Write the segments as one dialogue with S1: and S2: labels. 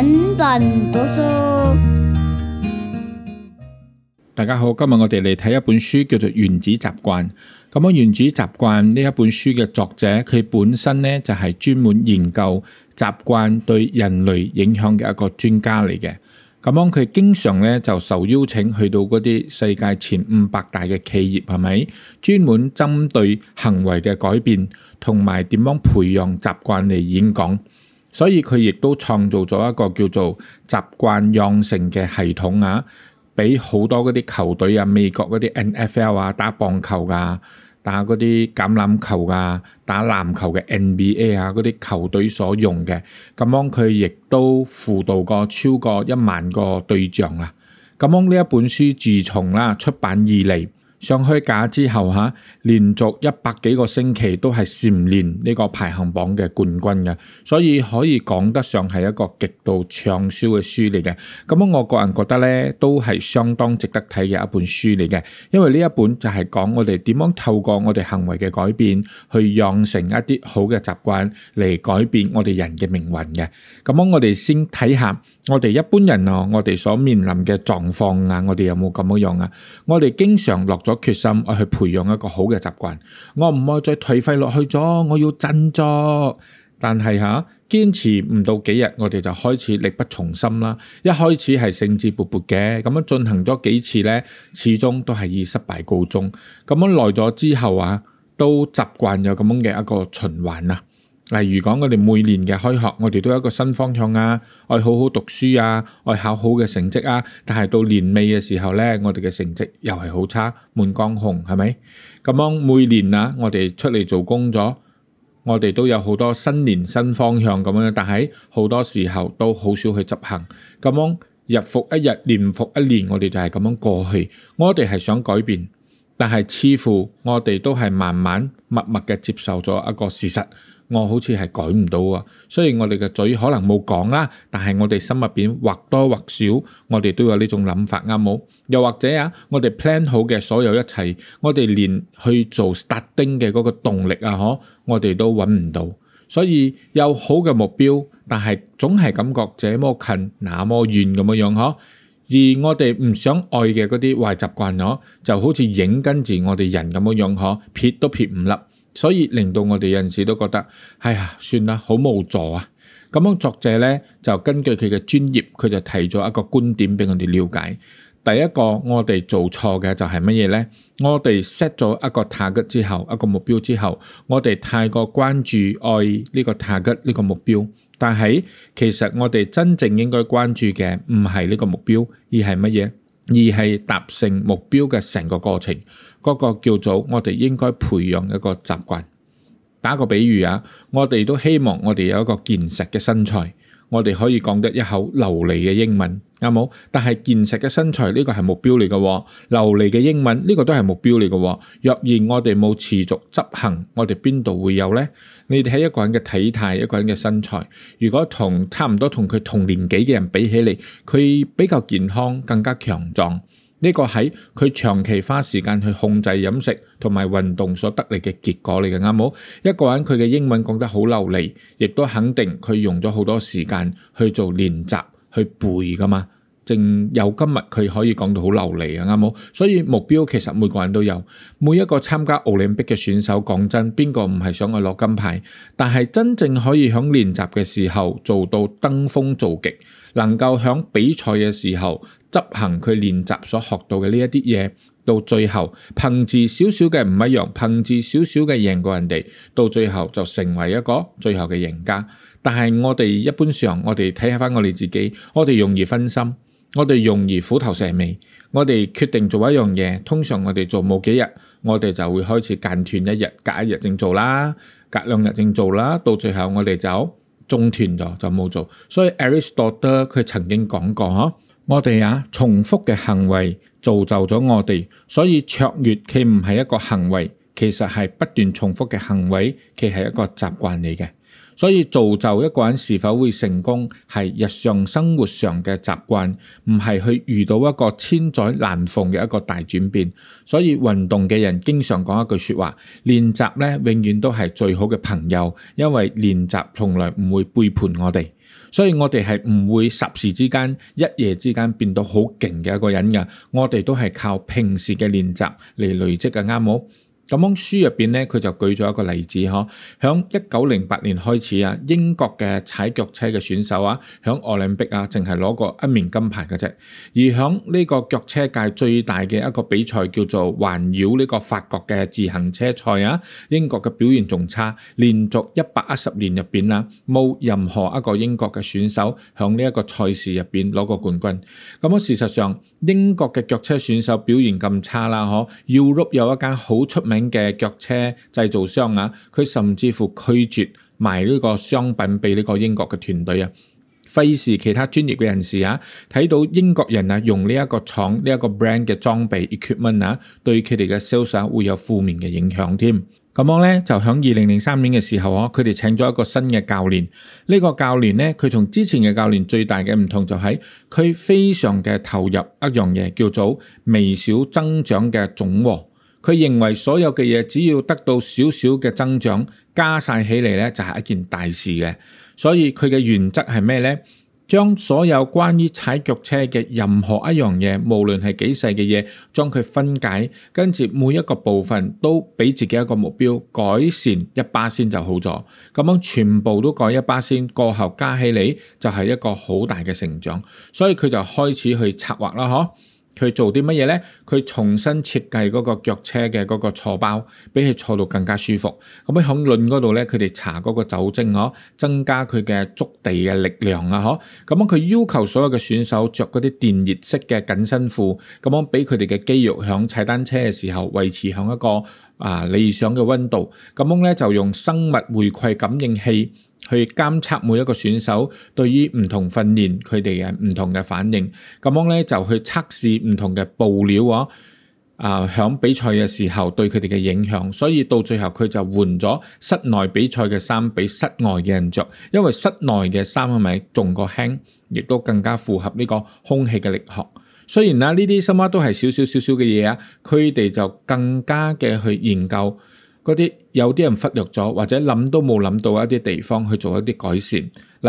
S1: 人本讀書，大家好，今日我哋嚟睇一本書，叫做《原子習慣》。咁樣《原子習慣》呢一本書嘅作者，佢本身呢，就係專門研究習慣對人類影響嘅一個專家嚟嘅。咁樣佢經常呢，就受邀請去到嗰啲世界前五百大嘅企業，係咪專門針對行為嘅改變同埋點樣培養習慣嚟演講。所以佢亦都創造咗一個叫做習慣養成嘅系統啊，畀好多嗰啲球隊啊，美國嗰啲 N F L 啊，打棒球啊、打嗰啲橄欖球啊、打籃球嘅 N B A 啊，嗰啲球隊所用嘅。咁樣佢亦都輔導過超過一萬個對象啦，啊。咁樣呢一本書，自從啦出版以嚟，上開架之後嚇、啊，連續一百幾個星期都係蟬聯呢個排行榜嘅冠軍嘅，所以可以講得上係一個極度暢銷嘅書嚟嘅。咁我個人覺得咧，都係相當值得睇嘅一本書嚟嘅。因為呢一本就係講我哋點樣透過我哋行為嘅改變，去養成一啲好嘅習慣，嚟改變我哋人嘅命運嘅。咁樣我哋先睇下。我哋一般人啊，我哋所面臨嘅狀況啊，我哋有冇咁樣樣啊？我哋經常落咗決心，去培養一個好嘅習慣，我唔可以再頹廢落去咗，我要振作。但係吓、啊、堅持唔到幾日，我哋就開始力不從心啦。一開始係興致勃勃嘅，咁樣進行咗幾次咧，始終都係以失敗告終。咁樣耐咗之後啊，都習慣咗咁樣嘅一個循環啊。例如講我哋每年嘅開學，我哋都有一個新方向啊，愛好好讀書啊，愛考好嘅成績啊。但係到年尾嘅時候咧，我哋嘅成績又係好差，滿江紅，係咪？咁樣每年啊，我哋出嚟做工作，我哋都有好多新年新方向咁樣，但係好多時候都好少去執行。咁樣日復一日，年復一年，我哋就係咁樣過去。我哋係想改變。但係似乎我哋都係慢慢默默嘅接受咗一個事實，我好似係改唔到啊！雖然我哋嘅嘴可能冇講啦，但係我哋心入邊或多或少，我哋都有呢種諗法啱冇？又或者啊，我哋 plan 好嘅所有一切，我哋連去做 starting 嘅嗰個動力啊，嗬，我哋都揾唔到。所以有好嘅目標，但係總係感覺這麼近那麼遠咁嘅樣，嗬。而我哋唔想愛嘅嗰啲壞習慣，囉，就好似影跟住我哋人咁嘅樣，嗬，撇都撇唔甩，所以令到我哋有陣時都覺得，哎呀，算啦，好無助啊！咁樣作者咧就根據佢嘅專業，佢就提咗一個觀點俾我哋了解。第一個我哋做錯嘅就係乜嘢咧？我哋 set 咗一個 target 之後，一個目標之後，我哋太過關注愛呢個 target 呢個目標。但係，其實我哋真正應該關注嘅唔係呢個目標，而係乜嘢？而係達成目標嘅成個過程，嗰、那個叫做我哋應該培養一個習慣。打個比喻啊，我哋都希望我哋有一個健實嘅身材，我哋可以講得一口流利嘅英文，啱冇？但係健實嘅身材呢、這個係目標嚟嘅，流利嘅英文呢、這個都係目標嚟嘅。若然我哋冇持續執行，我哋邊度會有呢？你哋睇一個人嘅體態，一個人嘅身材，如果同差唔多同佢同年紀嘅人比起嚟，佢比較健康，更加強壯，呢個係佢長期花時間去控制飲食同埋運動所得嚟嘅結果嚟嘅，啱冇？一個人佢嘅英文講得好流利，亦都肯定佢用咗好多時間去做練習去背㗎嘛。正有今日，佢可以講到好流利啊，啱冇？所以目標其實每個人都有，每一個參加奧林匹克嘅選手，講真，邊個唔係想去攞金牌？但係真正可以響練習嘅時候做到登峰造極，能夠響比賽嘅時候執行佢練習所學到嘅呢一啲嘢，到最後憑住少少嘅唔一樣，憑住少少嘅贏過人哋，到最後就成為一個最後嘅贏家。但係我哋一般上，我哋睇下翻我哋自己，我哋容易分心。我哋容易虎頭蛇尾，我哋決定做一樣嘢，通常我哋做冇幾日，我哋就會開始間斷一日，隔一日正做啦，隔兩日正做啦，到最後我哋就中斷咗，就冇做。所以 Aristotle 佢曾經講過，我哋啊重複嘅行為造就咗我哋，所以卓越佢唔係一個行為，其實係不斷重複嘅行為，佢係一個習慣嚟嘅。所以造就一個人是否會成功，係日常生活上嘅習慣，唔係去遇到一個千載難逢嘅一個大轉變。所以運動嘅人經常講一句説話：練習咧永遠都係最好嘅朋友，因為練習從來唔會背叛我哋。所以我哋係唔會十時之間一夜之間變到好勁嘅一個人㗎。我哋都係靠平時嘅練習嚟累積嘅，啱冇？咁喺書入邊咧，佢就舉咗一個例子呵，喺一九零八年開始啊，英國嘅踩腳車嘅選手啊，喺奧林匹克啊，淨係攞過一面金牌嘅啫。而喺呢個腳車界最大嘅一個比賽叫做環繞呢個法國嘅自行車賽啊，英國嘅表現仲差，連續一百一十年入邊啦，冇任何一個英國嘅選手喺呢一個賽事入邊攞過冠軍。咁啊，事實上。英國嘅腳車選手表現咁差啦，呵，Europe 有一間好出名嘅腳車製造商啊，佢甚至乎拒絕賣呢個商品俾呢個英國嘅團隊啊，費事其他專業嘅人士啊，睇到英國人啊用呢一個廠呢一個 brand 嘅裝備 equipment 啊，對佢哋嘅銷售會有負面嘅影響添。咁我咧就喺二零零三年嘅時候，我佢哋請咗一個新嘅教練。呢、這個教練咧，佢同之前嘅教練最大嘅唔同就喺、是、佢非常嘅投入一樣嘢，叫做微小增長嘅總和。佢認為所有嘅嘢只要得到少少嘅增長，加晒起嚟咧就係一件大事嘅。所以佢嘅原則係咩咧？將所有關於踩腳車嘅任何一樣嘢，無論係幾細嘅嘢，將佢分解，跟住每一個部分都俾自己一個目標，改善一巴先就好咗。咁樣全部都改一巴先，過後加起嚟，就係一個好大嘅成長。所以佢就開始去策劃啦，嗬。佢做啲乜嘢咧？佢重新設計嗰個腳車嘅嗰個坐包，俾佢坐到更加舒服。咁喺輪嗰度咧，佢哋搽嗰個酒精嗬、哦，增加佢嘅觸地嘅力量啊！嗬、哦，咁樣佢要求所有嘅選手着嗰啲電熱式嘅緊身褲，咁樣俾佢哋嘅肌肉喺踩單車嘅時候維持喺一個啊理想嘅溫度。咁樣咧就用生物回饋感應器。去監測每一個選手對於唔同訓練佢哋嘅唔同嘅反應，咁樣咧就去測試唔同嘅布料啊，啊、呃、響比賽嘅時候對佢哋嘅影響。所以到最後佢就換咗室內比賽嘅衫俾室外嘅人着，因為室內嘅衫係咪仲個輕，亦都更加符合呢個空氣嘅力學。雖然啦，呢啲什麼都係少少少少嘅嘢啊，佢哋就更加嘅去研究。嗰啲有啲人忽略咗，或者諗都冇諗到一啲地方去做一啲改善。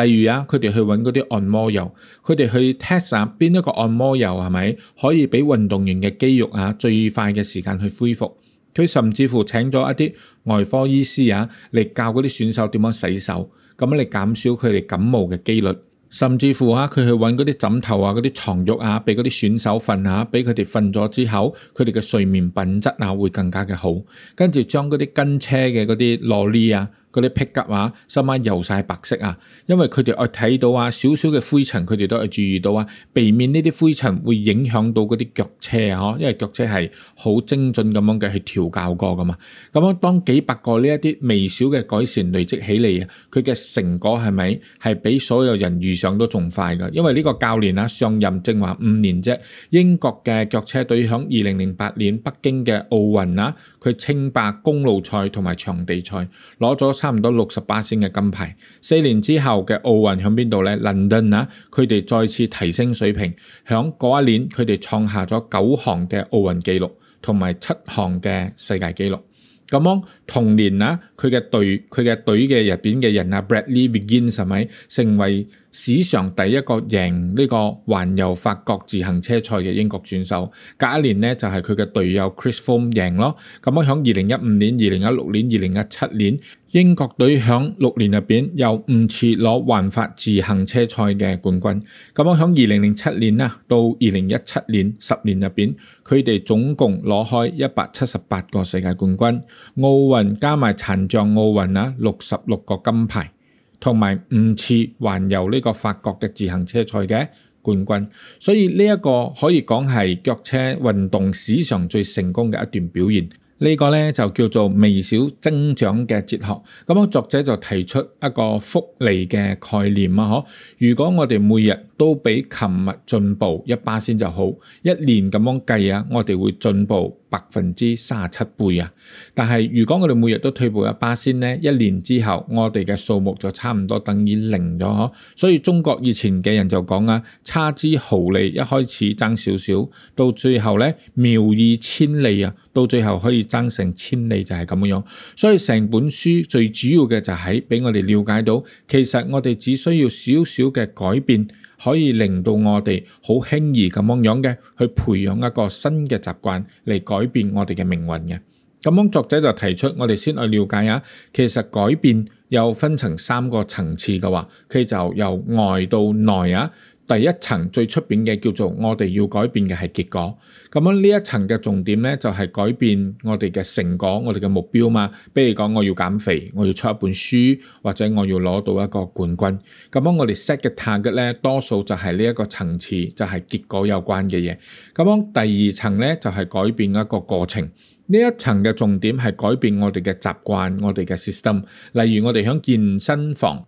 S1: 例如啊，佢哋去揾嗰啲按摩油，佢哋去 test 曬邊一個按摩油係咪可以俾運動員嘅肌肉啊最快嘅時間去恢復，佢甚至乎請咗一啲外科醫師啊嚟教嗰啲選手點樣洗手，咁樣嚟減少佢哋感冒嘅幾率。甚至乎嚇，佢去揾嗰啲枕頭啊、嗰啲床褥啊，畀嗰啲選手瞓下，畀佢哋瞓咗之後，佢哋嘅睡眠品質啊會更加嘅好，跟住將嗰啲跟車嘅嗰啲螺絲啊。嗰啲 pickup 啊，心晚油晒白色啊，因為佢哋我睇到啊，少少嘅灰塵佢哋都係注意到啊，避免呢啲灰塵會影響到嗰啲腳車啊，因為腳車係好精準咁樣嘅去調教過噶嘛。咁樣當幾百個呢一啲微小嘅改善累積起嚟，啊，佢嘅成果係咪係比所有人預想都仲快噶？因為呢個教練啊上任正話五年啫，英國嘅腳車隊響二零零八年北京嘅奧運啊，佢稱霸公路賽同埋場地賽。攞咗。差唔多六十八星嘅金牌。四年之後嘅奧運響邊度呢？倫敦啊，佢哋再次提升水平。響嗰一年，佢哋創下咗九項嘅奧運紀錄，同埋七項嘅世界紀錄。咁樣同年啊，佢嘅隊佢嘅隊嘅入邊嘅人啊，Bradley Wiggins 係咪成為史上第一個贏呢個環遊法國自行車賽嘅英國選手？隔一年呢就係佢嘅隊友 Chris Froome 贏咯。咁樣響二零一五年、二零一六年、二零一七年。英國隊響六年入邊又五次攞環法自行車賽嘅冠軍，咁我響二零零七年啦到二零一七年十年入邊，佢哋總共攞開一百七十八個世界冠軍，奧運加埋殘障奧運啊六十六個金牌，同埋五次環遊呢個法國嘅自行車賽嘅冠軍，所以呢一個可以講係腳車運動史上最成功嘅一段表現。呢個咧就叫做微小增長嘅哲學，咁啊作者就提出一個複利嘅概念啊！嗬，如果我哋每日都比琴日進步一巴仙就好，一年咁樣計啊，我哋會進步百分之三十七倍啊！但係如果我哋每日都退步一巴仙呢，一年之後我哋嘅數目就差唔多等於零咗呵。所以中國以前嘅人就講啊，差之毫厘，一開始爭少少，到最後呢，謬以千里啊，到最後可以爭成千里就係咁樣。所以成本書最主要嘅就係俾我哋了解到，其實我哋只需要少少嘅改變。可以令到我哋好輕易咁樣樣嘅去培養一個新嘅習慣嚟改變我哋嘅命運嘅。咁樣作者就提出，我哋先去了解下，其實改變又分成三個層次嘅話，佢就由外到內啊。第一層最出面嘅叫做我哋要改變嘅係結果，咁樣呢一層嘅重點呢，就係改變我哋嘅成果、我哋嘅目標嘛。比如講，我要減肥，我要出一本書，或者我要攞到一個冠軍。咁樣我哋 set 嘅 target 呢，多數就係呢一個層次，就係結果有關嘅嘢。咁樣第二層呢，就係改變一個過程。呢一層嘅重點係改變我哋嘅習慣、我哋嘅 system。例如我哋響健身房。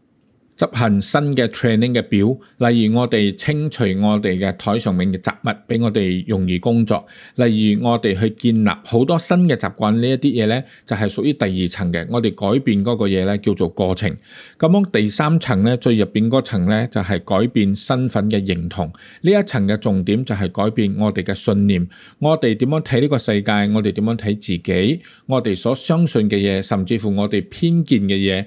S1: 執行新嘅 training 嘅表，例如我哋清除我哋嘅台上面嘅雜物，俾我哋容易工作，例如我哋去建立好多新嘅習慣，呢一啲嘢呢，就係屬於第二層嘅，我哋改變嗰個嘢呢，叫做過程。咁樣第三層呢，最入邊嗰層呢，就係改變身份嘅認同，呢一層嘅重點就係改變我哋嘅信念，我哋點樣睇呢個世界，我哋點樣睇自己，我哋所相信嘅嘢，甚至乎我哋偏見嘅嘢。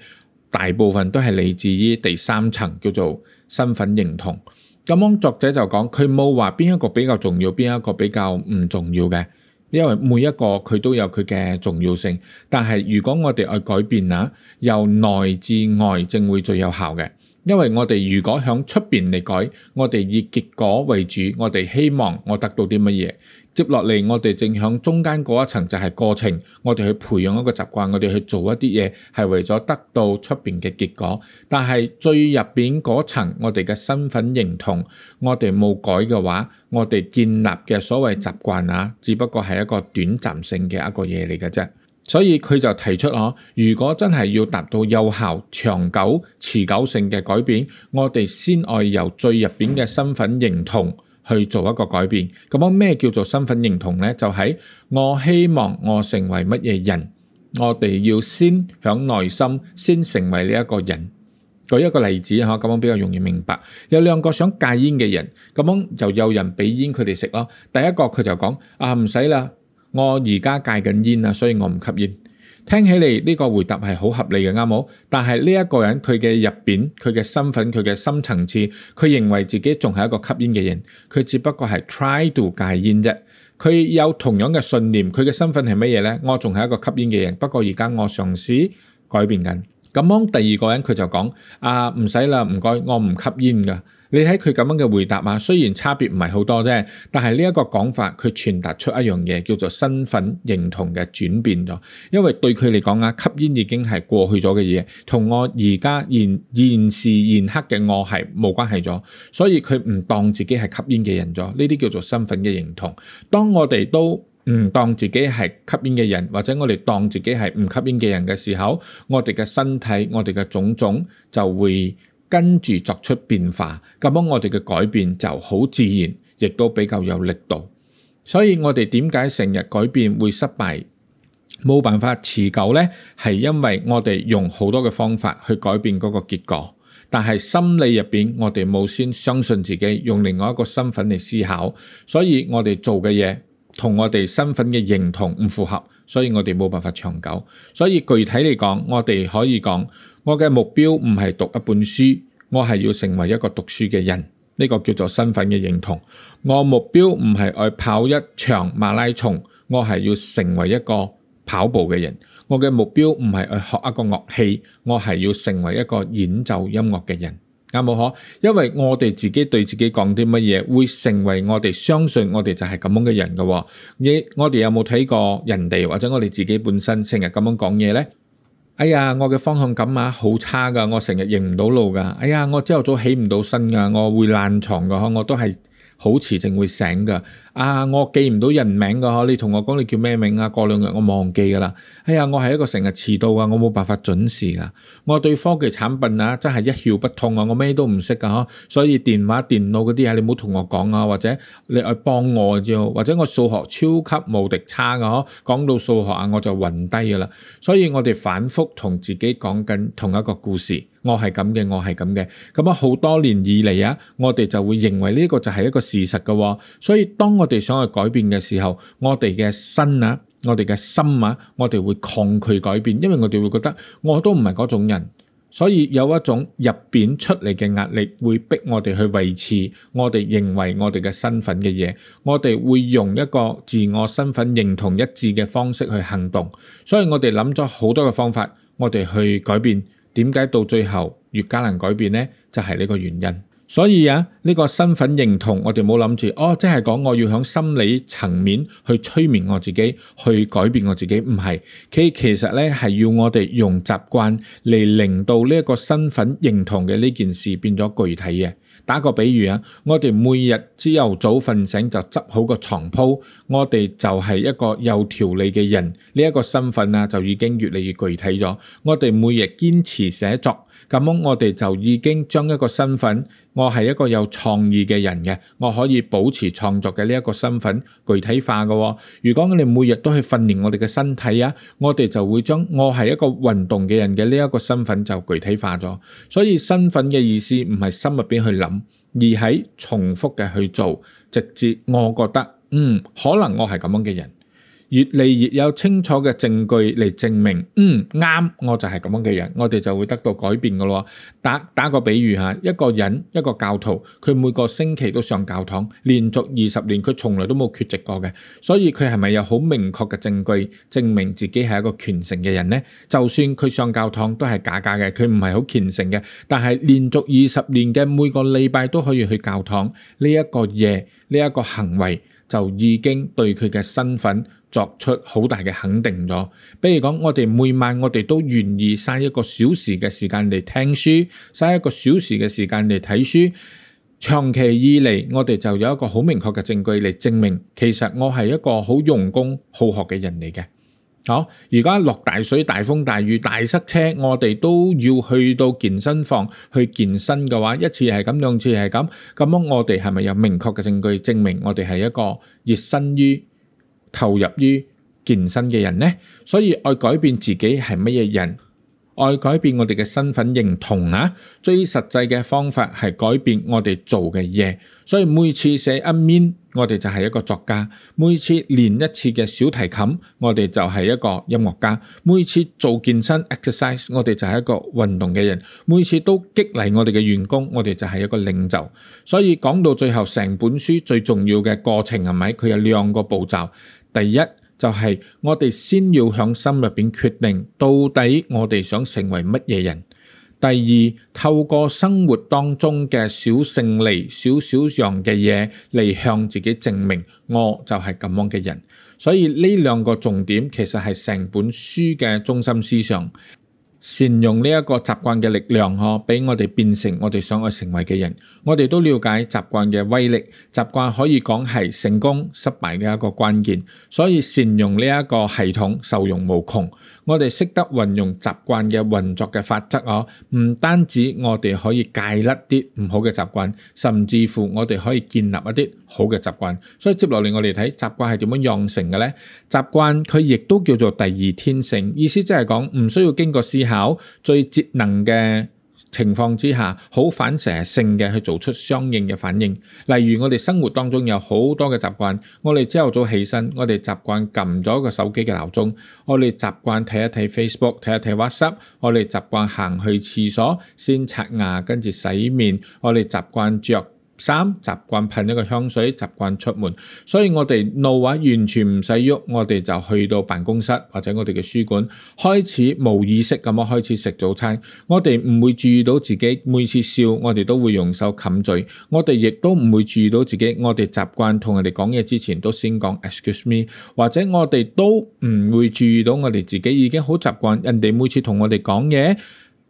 S1: 大部分都係嚟自於第三層，叫做身份認同。咁樣作者就講，佢冇話邊一個比較重要，邊一個比較唔重要嘅，因為每一個佢都有佢嘅重要性。但係如果我哋去改變啊，由內至外正會最有效嘅。因為我哋如果響出面嚟改，我哋以結果為主，我哋希望我得到啲乜嘢。接落嚟，我哋正響中間嗰一層就係過程，我哋去培養一個習慣，我哋去做一啲嘢，係為咗得到出邊嘅結果。但係最入邊嗰層，我哋嘅身份認同，我哋冇改嘅話，我哋建立嘅所謂習慣啊，只不過係一個短暫性嘅一個嘢嚟嘅啫。所以佢就提出哦、啊，如果真係要達到有效、長久、持久性嘅改變，我哋先愛由最入邊嘅身份認同。去做一個改變，咁樣咩叫做身份認同呢？就喺我希望我成為乜嘢人，我哋要先響內心先成為呢一個人。舉一個例子嚇，咁樣比較容易明白。有兩個想戒煙嘅人，咁樣就有人俾煙佢哋食咯。第一個佢就講：啊，唔使啦，我而家戒緊煙啊，所以我唔吸煙。聽起嚟呢個回答係好合理嘅，啱冇？但係呢一個人佢嘅入邊，佢嘅身份佢嘅深層次，佢認為自己仲係一個吸煙嘅人，佢只不過係 try to 戒煙啫。佢有同樣嘅信念，佢嘅身份係乜嘢呢？我仲係一個吸煙嘅人，不過而家我嘗試改變緊。咁樣第二個人佢就講：啊，唔使啦，唔該，我唔吸煙噶。你睇佢咁樣嘅回答啊，雖然差別唔係好多啫，但係呢一個講法，佢傳達出一樣嘢，叫做身份認同嘅轉變咗。因為對佢嚟講啊，吸煙已經係過去咗嘅嘢，同我而家現現時現刻嘅我係冇關係咗，所以佢唔當自己係吸煙嘅人咗。呢啲叫做身份嘅認同。當我哋都唔當自己係吸煙嘅人，或者我哋當自己係唔吸煙嘅人嘅時候，我哋嘅身體，我哋嘅種種就會。跟住作出變化，咁樣我哋嘅改變就好自然，亦都比較有力度。所以我哋點解成日改變會失敗，冇辦法持久呢？係因為我哋用好多嘅方法去改變嗰個結果，但係心理入邊我哋冇先相信自己，用另外一個身份嚟思考，所以我哋做嘅嘢同我哋身份嘅認同唔符合，所以我哋冇辦法長久。所以具體嚟講，我哋可以講。我嘅目標唔係讀一本書，我係要成為一個讀書嘅人，呢個叫做身份嘅認同。我目標唔係去跑一場馬拉松，我係要成為一個跑步嘅人。我嘅目標唔係去學一個樂器，我係要成為一個演奏音樂嘅人，啱冇嗬？因為我哋自己對自己講啲乜嘢，會成為我哋相信我哋就係咁樣嘅人嘅。你我哋有冇睇過人哋或者我哋自己本身成日咁樣講嘢咧？哎呀，我嘅方向感啊好差噶，我成日認唔到路噶。哎呀，我朝頭早起唔到身噶，我會爛床噶。哈，我都係。好遲淨會醒噶，啊！我記唔到人名噶呵，你同我講你叫咩名啊？過兩日我忘記噶啦。哎呀，我係一個成日遲到噶，我冇辦法準時噶。我對科技產品啊，真係一竅不通啊，我咩都唔識噶呵。所以電話、電腦嗰啲啊，你唔好同我講啊，或者你去幫我啫。或者我數學超級無敵差噶呵，啊，講到數學啊，我就暈低噶啦。所以我哋反覆同自己講緊同一個故事。我係咁嘅，我係咁嘅，咁啊好多年以嚟啊，我哋就會認為呢個就係一個事實嘅。所以當我哋想去改變嘅時候，我哋嘅身啊，我哋嘅心啊，我哋會抗拒改變，因為我哋會覺得我都唔係嗰種人。所以有一種入邊出嚟嘅壓力，會逼我哋去維持我哋認為我哋嘅身份嘅嘢。我哋會用一個自我身份認同一致嘅方式去行動。所以我哋諗咗好多嘅方法，我哋去改變。點解到最後越加難改變呢？就係呢個原因。所以啊，呢個身份認同，我哋冇諗住哦，即係講我要響心理層面去催眠我自己，去改變我自己，唔係，佢其實咧，係要我哋用習慣嚟令到呢一個身份認同嘅呢件事變咗具體嘅。打個比喻啊，我哋每日朝頭早瞓醒就執好個床鋪，我哋就係一個有條理嘅人，呢一個身份啊就已經越嚟越具體咗。我哋每日堅持寫作。咁樣我哋就已經將一個身份，我係一個有創意嘅人嘅，我可以保持創作嘅呢一個身份具體化嘅哦。如果我哋每日都去訓練我哋嘅身體啊，我哋就會將我係一個運動嘅人嘅呢一個身份就具體化咗。所以身份嘅意思唔係心入邊去諗，而喺重複嘅去做，直接我覺得嗯，可能我係咁樣嘅人。越嚟越有清楚嘅證據嚟證明，嗯啱，我就係咁樣嘅人，我哋就會得到改變噶咯。打打個比喻吓，一個人一個教徒，佢每個星期都上教堂，連續二十年，佢從來都冇缺席過嘅，所以佢係咪有好明確嘅證據證明自己係一個虔誠嘅人呢？就算佢上教堂都係假假嘅，佢唔係好虔誠嘅，但係連續二十年嘅每個禮拜都可以去教堂呢一個嘢，呢一個行為。就已經對佢嘅身份作出好大嘅肯定咗。比如講，我哋每晚我哋都願意嘥一個小時嘅時間嚟聽書，嘥一個小時嘅時間嚟睇書。長期以嚟，我哋就有一個好明確嘅證據嚟證明，其實我係一個好用功、好學嘅人嚟嘅。好，而家落大水、大風、大雨、大塞車，我哋都要去到健身房去健身嘅話，一次係咁，兩次係咁，咁我哋係咪有明確嘅證據證明我哋係一個熱身於投入於健身嘅人呢？所以我要改變自己係乜嘢人？愛改變我哋嘅身份認同啊！最實際嘅方法係改變我哋做嘅嘢，所以每次寫 a m i n 我哋就係一個作家，每次練一次嘅小提琴，我哋就係一個音樂家，每次做健身 exercise，我哋就係一個運動嘅人；每次都激勵我哋嘅員工，我哋就係一個領袖。所以講到最後，成本書最重要嘅過程係咪？佢有兩個步驟，第一。就係我哋先要向心入邊決定到底我哋想成為乜嘢人。第二，透過生活當中嘅小勝利、小小樣嘅嘢嚟向自己證明，我就係咁樣嘅人。所以呢兩個重點其實係成本書嘅中心思想。善用呢一個習慣嘅力量，嗬，俾我哋變成我哋想去成為嘅人。我哋都了解習慣嘅威力，習慣可以講係成功失敗嘅一個關鍵。所以善用呢一個系統，受用無窮。我哋識得運用習慣嘅運作嘅法則哦，唔單止我哋可以戒甩啲唔好嘅習慣，甚至乎我哋可以建立一啲好嘅習慣。所以接落嚟我哋睇習慣係點樣養成嘅咧？習慣佢亦都叫做第二天性，意思即係講唔需要經過思考，最節能嘅。情況之下，好反射性嘅去做出相應嘅反應。例如我哋生活當中有好多嘅習慣，我哋朝頭早起身，我哋習慣撳咗個手機嘅鬧鐘，我哋習慣睇一睇 Facebook，睇一睇 WhatsApp，我哋習慣行去廁所，先刷牙，跟住洗面，我哋習慣着。三習慣噴一個香水，習慣出門，所以我哋怒話完全唔使喐，我哋就去到辦公室或者我哋嘅書館，開始無意識咁樣開始食早餐。我哋唔會注意到自己每次笑，我哋都會用手冚嘴。我哋亦都唔會注意到自己，我哋習慣同人哋講嘢之前都先講 excuse me，或者我哋都唔會注意到我哋自己已經好習慣，人哋每次同我哋講嘢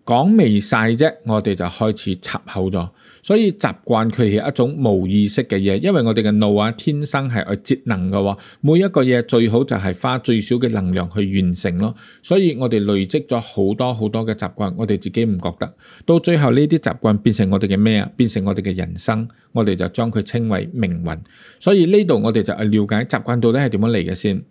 S1: 講未晒啫，我哋就開始插口咗。所以習慣佢係一種無意識嘅嘢，因為我哋嘅腦啊天生係去節能嘅喎，每一個嘢最好就係花最少嘅能量去完成咯。所以我哋累積咗好多好多嘅習慣，我哋自己唔覺得，到最後呢啲習慣變成我哋嘅咩啊？變成我哋嘅人生，我哋就將佢稱為命運。所以呢度我哋就去了解習慣到底係點樣嚟嘅先。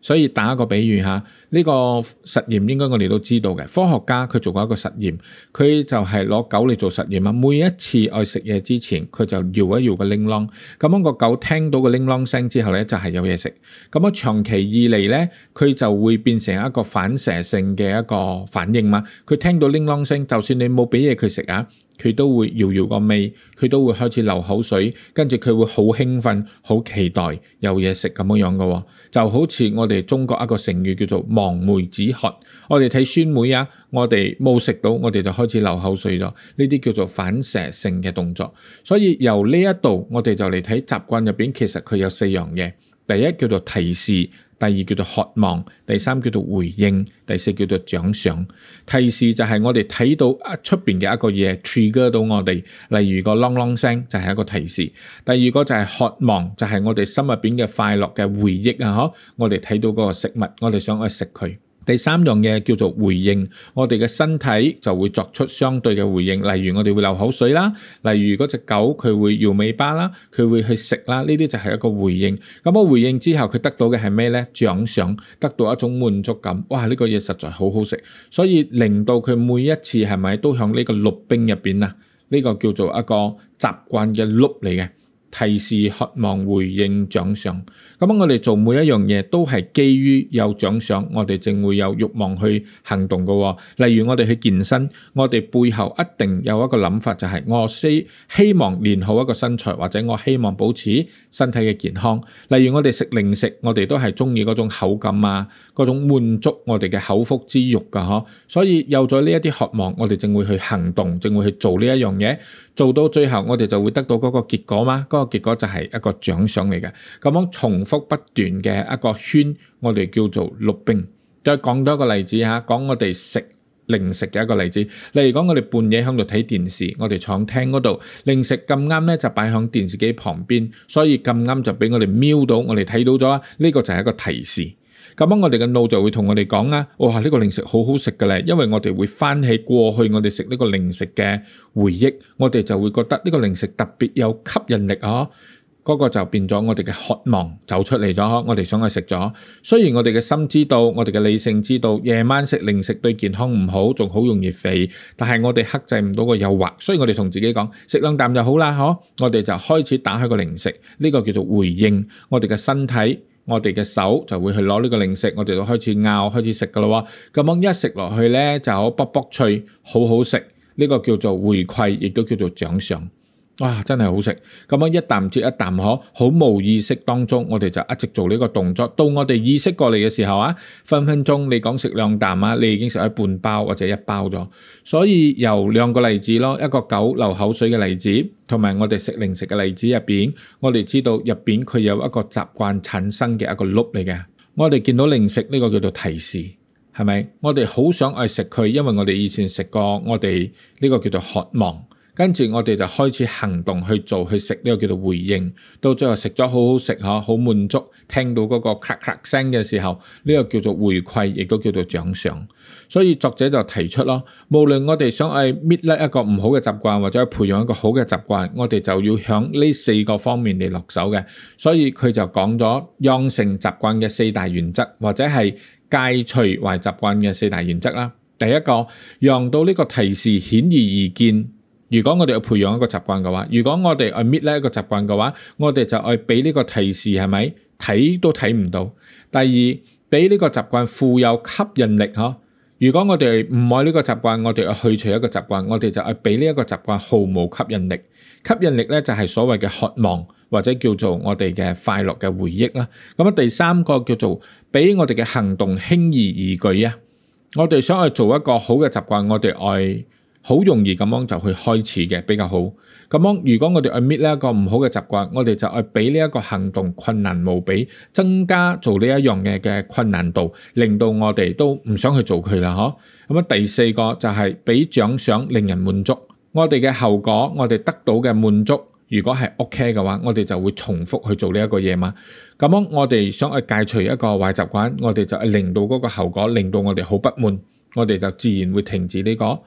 S1: 所以打一個比喻嚇，呢個實驗應該我哋都知道嘅。科學家佢做過一個實驗，佢就係攞狗嚟做實驗啊。每一次愛食嘢之前，佢就搖一搖個鈴啷，咁樣個狗聽到個鈴啷聲之後咧，就係有嘢食。咁樣長期以嚟咧，佢就會變成一個反射性嘅一個反應嘛。佢聽到鈴啷聲，就算你冇俾嘢佢食啊，佢都會搖搖個尾，佢都會開始流口水，跟住佢會好興奮、好期待有嘢食咁樣樣嘅喎。就好似我哋中國一個成語叫做望梅止渴，我哋睇酸梅啊，我哋冇食到，我哋就開始流口水咗，呢啲叫做反射性嘅動作。所以由呢一度，我哋就嚟睇習慣入邊，其實佢有四樣嘢。第一叫做提示。第二叫做渴望，第三叫做回應，第四叫做獎賞。提示就係我哋睇到出邊嘅一個嘢 trigger 到我哋，例如個啷啷聲就係一個提示。第二個就係渴望，就係我哋心入邊嘅快樂嘅回憶啊！嗬，我哋睇到嗰個食物，我哋想去食佢。第三樣嘢叫做回應，我哋嘅身體就會作出相對嘅回應，例如我哋會流口水啦，例如嗰隻狗佢會搖尾巴啦，佢會去食啦，呢啲就係一個回應。咁我回應之後，佢得到嘅係咩咧？獎賞，得到一種滿足感。哇！呢個嘢實在好好食，所以令到佢每一次係咪都向呢個綠冰入邊啊？呢個叫做一個習慣嘅 loop 嚟嘅。提示、渴望、回應、獎賞，咁啊，我哋做每一樣嘢都係基於有獎賞，我哋淨會有欲望去行動噶。例如我哋去健身，我哋背後一定有一個諗法，就係我希希望練好一個身材，或者我希望保持身體嘅健康。例如我哋食零食，我哋都係中意嗰種口感啊，嗰種滿足我哋嘅口腹之欲噶。嗬，所以有咗呢一啲渴望，我哋淨會去行動，淨會去做呢一樣嘢。做到最後，我哋就會得到嗰個結果嘛。嗰個結果就係一個獎賞嚟嘅。咁樣重複不斷嘅一個圈，我哋叫做綠兵。再講多一個例子嚇，講我哋食零食嘅一個例子。例如講我哋半夜響度睇電視，我哋廠廳嗰度零食咁啱咧，就擺響電視機旁邊，所以咁啱就俾我哋瞄到，我哋睇到咗啊！呢個就係一個提示。咁樣我哋嘅腦就會同我哋講啊，哇！呢個零食好好食嘅咧，因為我哋會翻起過去我哋食呢個零食嘅回憶，我哋就會覺得呢個零食特別有吸引力啊！嗰個就變咗我哋嘅渴望走出嚟咗，啊，我哋想去食咗。雖然我哋嘅心知道，我哋嘅理性知道夜晚食零食對健康唔好，仲好容易肥，但係我哋克制唔到個誘惑。雖然我哋同自己講食兩啖就好啦，啊，我哋就開始打開個零食。呢個叫做回應我哋嘅身體。我哋嘅手就會去攞呢個零食，我哋就開始咬，開始食噶啦喎。咁樣一食落去咧，就卜卜脆，好好食。呢個叫做回饋，亦都叫做獎賞。哇！真係好食，咁樣一啖接一啖可，好無意識當中，我哋就一直做呢個動作。到我哋意識過嚟嘅時候啊，分分鐘你講食兩啖啊，你已經食咗半包或者一包咗。所以由兩個例子咯，一個狗流口水嘅例子，同埋我哋食零食嘅例子入邊，我哋知道入邊佢有一個習慣產生嘅一個 loop 嚟嘅。我哋見到零食呢個叫做提示，係咪？我哋好想去食佢，因為我哋以前食過，我哋呢個叫做渴望。跟住我哋就開始行動去做去食呢個叫做回應，到最後食咗好好食嚇，好滿足。聽到嗰個咔咔聲嘅時候，呢個叫做回饋，亦都叫做獎賞。所以作者就提出咯，無論我哋想去搣甩一個唔好嘅習慣，或者係培養一個好嘅習慣，我哋就要響呢四個方面嚟落手嘅。所以佢就講咗養成習慣嘅四大原則，或者係戒除壞習慣嘅四大原則啦。第一個讓到呢個提示顯而易見。如果我哋要培養一個習慣嘅話，如果我哋愛搣咧一個習慣嘅話，我哋就愛俾呢個提示係咪？睇都睇唔到。第二，俾呢個習慣富有吸引力吓，啊。如果我哋唔愛呢個習慣，我哋要去除一個習慣，我哋就去俾呢一個習慣毫無吸引力。吸引力咧就係所謂嘅渴望，或者叫做我哋嘅快樂嘅回憶啦。咁啊，第三個叫做俾我哋嘅行動輕而易舉啊。我哋想去做一個好嘅習慣，我哋愛。好容易咁樣就去開始嘅比較好。咁樣如果我哋去 mit 呢一個唔好嘅習慣，我哋就去俾呢一個行動困難無比，增加做呢一樣嘢嘅困難度，令到我哋都唔想去做佢啦。嗬。咁啊，第四個就係、是、俾獎賞令人滿足。我哋嘅後果，我哋得到嘅滿足，如果係 OK 嘅話，我哋就會重複去做呢一個嘢嘛。咁樣我哋想去戒除一個壞習慣，我哋就係令到嗰個後果，令到我哋好不滿，我哋就自然會停止呢、這個。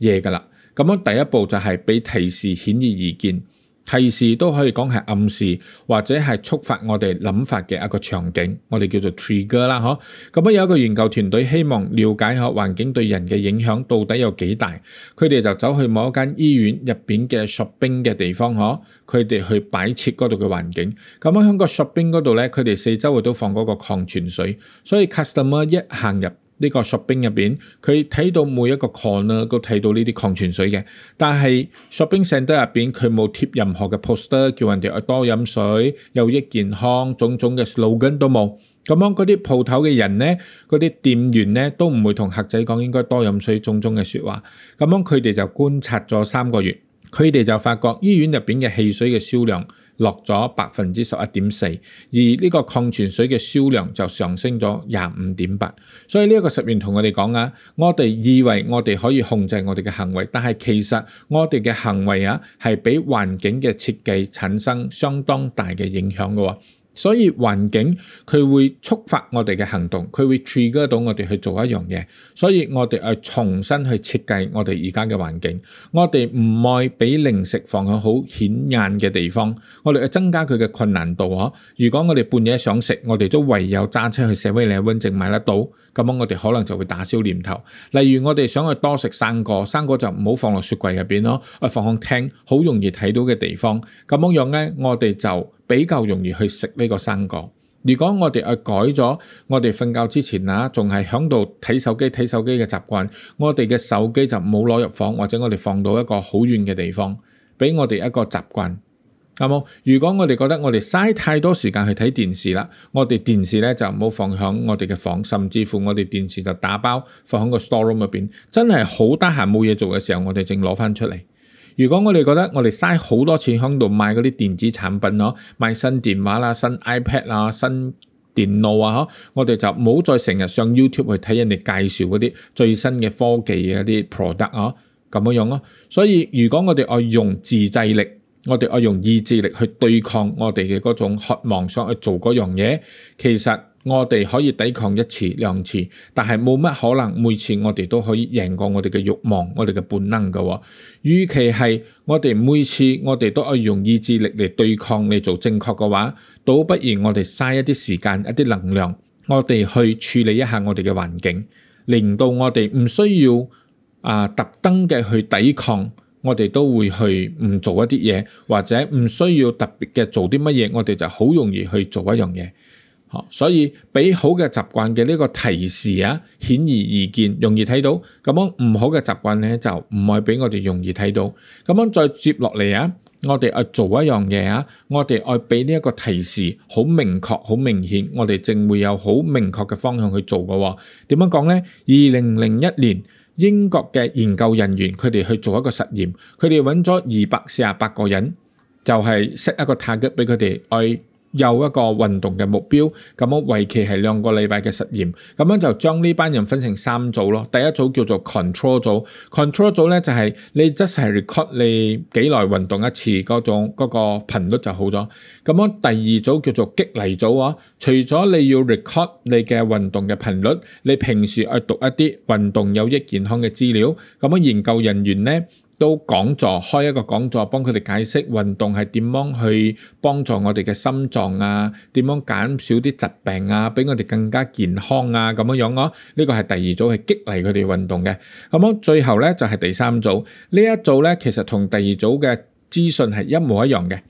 S1: 嘢噶啦，咁樣第一步就係俾提示顯而易見，提示都可以講係暗示或者係觸發我哋諗法嘅一個場景，我哋叫做 trigger 啦，嗬。咁樣有一個研究團隊希望了解下環境對人嘅影響到底有幾大，佢哋就走去某一間醫院入邊嘅 shopping 嘅地方，嗬，佢哋去擺設嗰度嘅環境。咁樣喺個 shopping 嗰度咧，佢哋四周圍都放嗰個礦泉水，所以 customer 一行入。呢個 shopping 入邊，佢睇到每一個罐啦，都睇到呢啲礦泉水嘅。但係 shopping centre 入邊，佢冇貼任何嘅 poster 叫人哋去多飲水，有益健康，種種嘅 slogan 都冇。咁樣嗰啲鋪頭嘅人咧，嗰啲店員咧，都唔會同客仔講應該多飲水，種種嘅説話。咁樣佢哋就觀察咗三個月，佢哋就發覺醫院入邊嘅汽水嘅銷量。落咗百分之十一點四，而呢個礦泉水嘅銷量就上升咗廿五點八，所以呢個實驗同我哋講啊，我哋以為我哋可以控制我哋嘅行為，但係其實我哋嘅行為啊，係俾環境嘅設計產生相當大嘅影響嘅。所以環境佢會觸發我哋嘅行動，佢會 trigger 到我哋去做一樣嘢。所以我哋係重新去設計我哋而家嘅環境。我哋唔愛俾零食放喺好顯眼嘅地方。我哋去增加佢嘅困難度啊！如果我哋半夜想食，我哋都唯有揸車去社會你揾正買得到。咁樣我哋可能就會打消念頭。例如我哋想去多食生果，生果就唔好放落雪櫃入邊咯，啊放喺廳好容易睇到嘅地方。咁樣樣咧，我哋就。比較容易去食呢個生果。如果我哋啊改咗，我哋瞓覺之前啊，仲係響度睇手機睇手機嘅習慣，我哋嘅手機就冇攞入房，或者我哋放到一個好遠嘅地方，俾我哋一個習慣。係咪？如果我哋覺得我哋嘥太多時間去睇電視啦，我哋電視咧就唔好放響我哋嘅房，甚至乎我哋電視就打包放響個 storeroom 入邊，真係好得閒冇嘢做嘅時候，我哋正攞翻出嚟。如果我哋覺得我哋嘥好多錢喺度買嗰啲電子產品嗬，買新電話啦、新 iPad 啦、新電腦啊，嗬，我哋就唔好再成日上 YouTube 去睇人哋介紹嗰啲最新嘅科技嘅啲 product 啊，咁樣樣咯。所以如果我哋愛用自制力，我哋愛用意志力去對抗我哋嘅嗰種渴望想去做嗰樣嘢，其實。我哋可以抵抗一次、兩次，但係冇乜可能每次我哋都可以贏過我哋嘅慾望、我哋嘅本能嘅、哦。與其係我哋每次我哋都可以用意志力嚟對抗你做正確嘅話，倒不如我哋嘥一啲時間、一啲能量，我哋去處理一下我哋嘅環境，令到我哋唔需要啊特登嘅去抵抗，我哋都會去唔做一啲嘢，或者唔需要特別嘅做啲乜嘢，我哋就好容易去做一樣嘢。所以俾好嘅習慣嘅呢個提示啊，顯而易見，容易睇到。咁樣唔好嘅習慣咧，就唔愛俾我哋容易睇到。咁樣再接落嚟啊，我哋愛做一樣嘢啊，我哋愛俾呢一個提示，好明確，好明顯，我哋正會有好明確嘅方向去做嘅。點樣講咧？二零零一年英國嘅研究人員佢哋去做一個實驗，佢哋揾咗二百四十八個人，就係 set 一個 target 俾佢哋愛。有一個運動嘅目標，咁樣為期係兩個禮拜嘅實驗，咁樣就將呢班人分成三組咯。第一組叫做 control 組，control 組咧就係你即係 record 你幾耐運動一次嗰種嗰個頻率就好咗。咁樣第二組叫做激勵組啊，除咗你要 record 你嘅運動嘅頻率，你平時去讀一啲運動有益健康嘅資料，咁樣研究人員咧。都講座，開一個講座，幫佢哋解釋運動係點樣去幫助我哋嘅心臟啊，點樣減少啲疾病啊，俾我哋更加健康啊咁樣樣咯。呢個係第二組，係激勵佢哋運動嘅。咁樣最後咧就係第三組，呢一組咧其實同第二組嘅資訊係一模一樣嘅。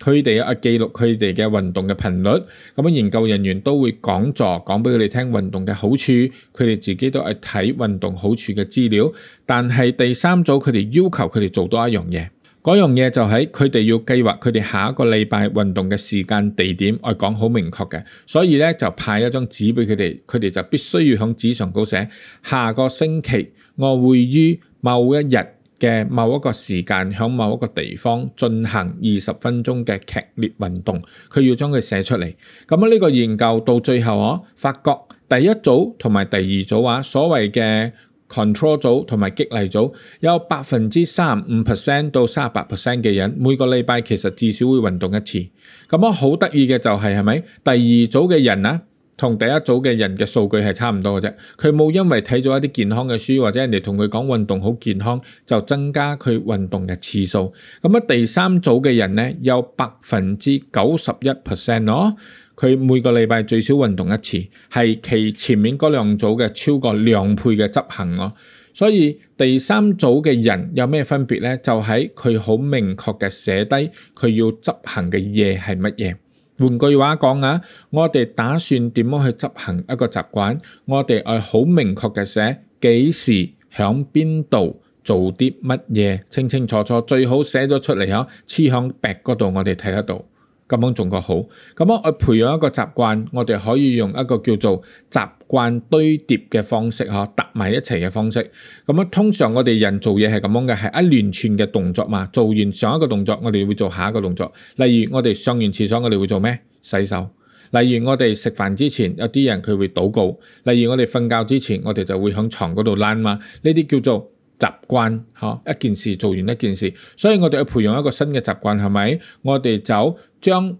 S1: 佢哋啊記錄佢哋嘅運動嘅頻率，咁啊研究人員都會講座講俾佢哋聽運動嘅好處，佢哋自己都係睇運動好處嘅資料。但係第三組，佢哋要求佢哋做多一樣嘢，嗰樣嘢就係佢哋要計劃佢哋下一個禮拜運動嘅時間地點，我講好明確嘅，所以咧就派一張紙俾佢哋，佢哋就必須要響紙上高寫下個星期我會於某一日。嘅某一個時間喺某一個地方進行二十分鐘嘅劇烈運動，佢要將佢寫出嚟。咁呢個研究到最後啊，發覺第一組同埋第二組啊，所謂嘅 control 組同埋激勵組有百分之三十五 percent 到三十八 percent 嘅人每個禮拜其實至少會運動一次。咁啊、就是，好得意嘅就係係咪第二組嘅人啊？同第一組嘅人嘅數據係差唔多嘅啫，佢冇因為睇咗一啲健康嘅書或者人哋同佢講運動好健康就增加佢運動嘅次數。咁啊，第三組嘅人咧有百分之九十一 percent 哦，佢每個禮拜最少運動一次，係其前面嗰兩組嘅超過兩倍嘅執行哦。所以第三組嘅人有咩分別咧？就喺佢好明確嘅寫低佢要執行嘅嘢係乜嘢。換句話講啊，我哋打算點樣去執行一個習慣？我哋愛好明確嘅寫幾時響邊度做啲乜嘢，清清楚楚，最好寫咗出嚟呵，黐響壁嗰度，我哋睇得到。咁樣仲個好，咁樣我培養一個習慣，我哋可以用一個叫做習慣堆疊嘅方式，嗬，搭埋一齊嘅方式。咁樣通常我哋人做嘢係咁樣嘅，係一連串嘅動作嘛。做完上一個動作，我哋會做下一個動作。例如我哋上完廁所，我哋會做咩？洗手。例如我哋食飯之前，有啲人佢會禱告。例如我哋瞓覺之前，我哋就會響床嗰度攔嘛。呢啲叫做習慣，嗬，一件事做完一件事。所以我哋去培養一個新嘅習慣，係咪？我哋就，將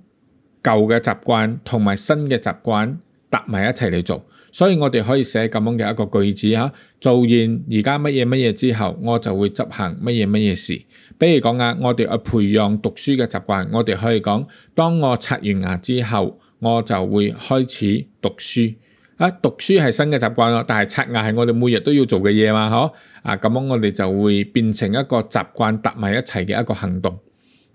S1: 舊嘅習慣同埋新嘅習慣搭埋一齊嚟做，所以我哋可以寫咁樣嘅一個句子吓：做完而家乜嘢乜嘢之後，我就會執行乜嘢乜嘢事。比如講啊，我哋啊培養讀書嘅習慣，我哋可以講：當我刷完牙之後，我就會開始讀書。啊，讀書係新嘅習慣咯，但係刷牙係我哋每日都要做嘅嘢嘛，嗬？啊，咁樣我哋就會變成一個習慣搭埋一齊嘅一個行動。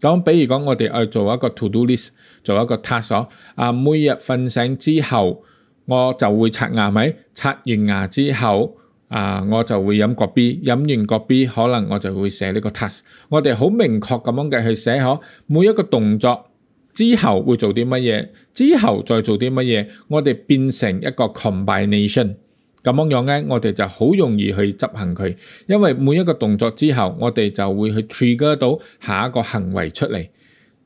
S1: 咁比如講，我哋去做一個 to do list，做一個 task。啊，每日瞓醒之後，我就會刷牙咪，刷完牙之後，啊，我就會飲個 B，飲完個 B，可能我就會寫呢個 task。我哋好明確咁樣嘅去寫嗬，啊，每一個動作之後會做啲乜嘢，之後再做啲乜嘢，我哋變成一個 combination。咁樣樣咧，我哋就好容易去執行佢，因為每一個動作之後，我哋就會去 trigger 到下一個行為出嚟。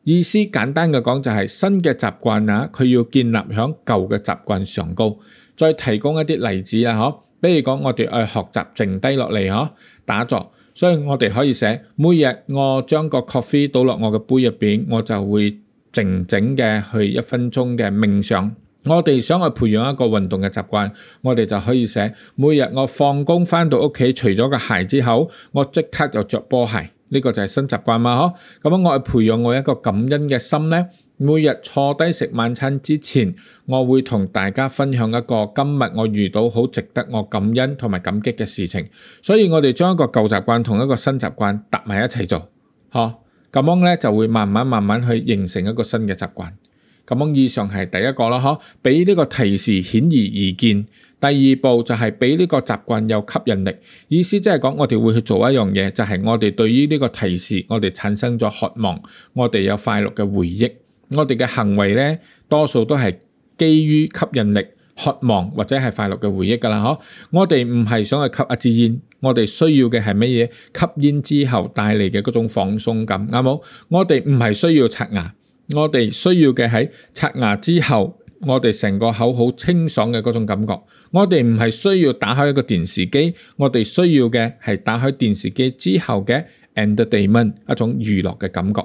S1: 意思簡單嘅講，就係新嘅習慣啊，佢要建立喺舊嘅習慣上高。再提供一啲例子啊，呵，比如講我哋去學習靜低落嚟呵，打坐，所以我哋可以寫：每日我將個 coffee 倒落我嘅杯入邊，我就會靜靜嘅去一分鐘嘅冥想。我哋想去培養一個運動嘅習慣，我哋就可以寫，每日我放工翻到屋企，除咗個鞋之後，我即刻就着波鞋，呢個就係新習慣嘛，嗬？咁樣我去培養我一個感恩嘅心咧，每日坐低食晚餐之前，我會同大家分享一個今日我遇到好值得我感恩同埋感激嘅事情。所以我哋將一個舊習慣同一個新習慣搭埋一齊做，嗬？咁樣咧就會慢慢慢慢去形成一個新嘅習慣。咁樣以上係第一個啦，嗬，俾呢個提示顯而易見。第二步就係俾呢個習慣有吸引力，意思即係講我哋會去做一樣嘢，就係我哋對於呢個提示，我哋產生咗渴望，我哋有快樂嘅回憶，我哋嘅行為咧多數都係基於吸引力、渴望或者係快樂嘅回憶噶啦，嗬。我哋唔係想去吸一支煙，我哋需要嘅係乜嘢？吸煙之後帶嚟嘅嗰種放鬆感啱冇？我哋唔係需要刷牙。我哋需要嘅喺刷牙之後，我哋成個口好清爽嘅嗰種感覺。我哋唔係需要打開一個電視機，我哋需要嘅係打開電視機之後嘅 entertainment 一種娛樂嘅感覺。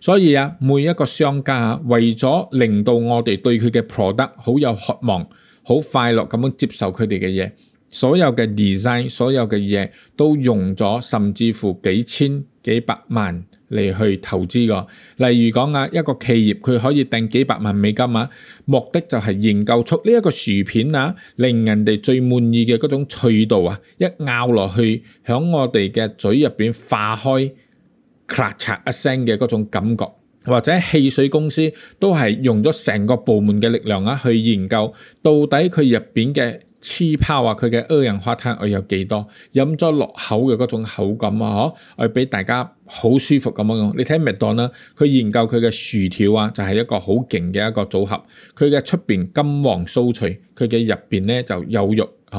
S1: 所以啊，每一個商家、啊、為咗令到我哋對佢嘅 product 好有渴望、好快樂咁樣接受佢哋嘅嘢，所有嘅 design、所有嘅嘢都用咗，甚至乎幾千幾百萬，嚟去投資㗎，例如講啊，一個企業佢可以掟幾百萬美金啊，目的就係研究出呢一個薯片啊，令人哋最滿意嘅嗰種脆度啊，一咬落去響我哋嘅嘴入邊化開，咔嚓一聲嘅嗰種感覺，或者汽水公司都係用咗成個部門嘅力量啊，去研究到底佢入邊嘅。黐泡啊！佢嘅二氧化碳我有幾多？飲咗落口嘅嗰種口感啊～嗬、啊，我俾大家好舒服咁樣。你睇麥當勞，佢研究佢嘅薯條啊，就係、是、一個好勁嘅一個組合。佢嘅出邊金黃酥脆，佢嘅入邊呢就有肉嗬，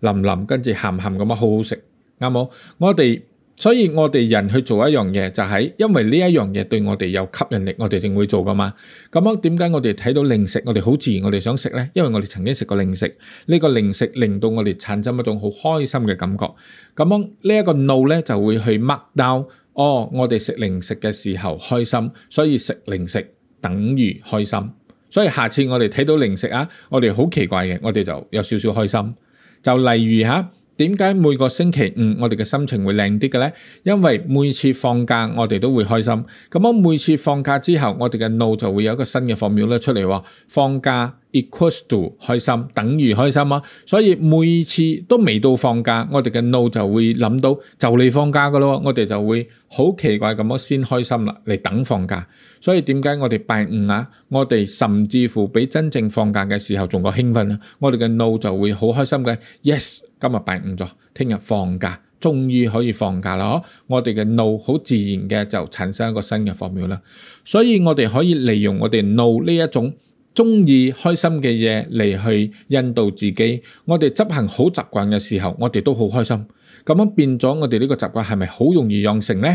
S1: 腍、啊、腍跟住鹹鹹咁樣，好好食，啱冇？我哋。所以我哋人去做一樣嘢，就係因為呢一樣嘢對我哋有吸引力，我哋就會做㗎嘛。咁樣點解我哋睇到零食，我哋好自然，我哋想食呢？因為我哋曾經食過零食，呢、這個零食令到我哋產生一種好開心嘅感覺。咁樣、no、呢一個腦咧就會去 mark down，哦，我哋食零食嘅時候開心，所以食零食等於開心。所以下次我哋睇到零食啊，我哋好奇怪嘅，我哋就有少少開心。就例如嚇。點解每個星期五我哋嘅心情會靚啲嘅咧？因為每次放假我哋都會開心，咁我每次放假之後我哋嘅腦就會有一個新嘅火苗咧出嚟喎，放假。It to 開心等於開心呀，所以每次都未到放假，我哋嘅腦就會諗到就嚟放假㗎囉，我哋就會好奇怪噉樣先開心喇，嚟等放假。所以點解我哋拜五呀？我哋甚至乎比真正放假嘅時候仲興奮呀，我哋嘅腦就會好開心嘅，Yes, 今日拜五咗，聽日放假，終於可以放假喇。中意開心嘅嘢嚟去引導自己，我哋執行好習慣嘅時候，我哋都好開心。咁樣變咗，我哋呢個習慣係咪好容易養成呢？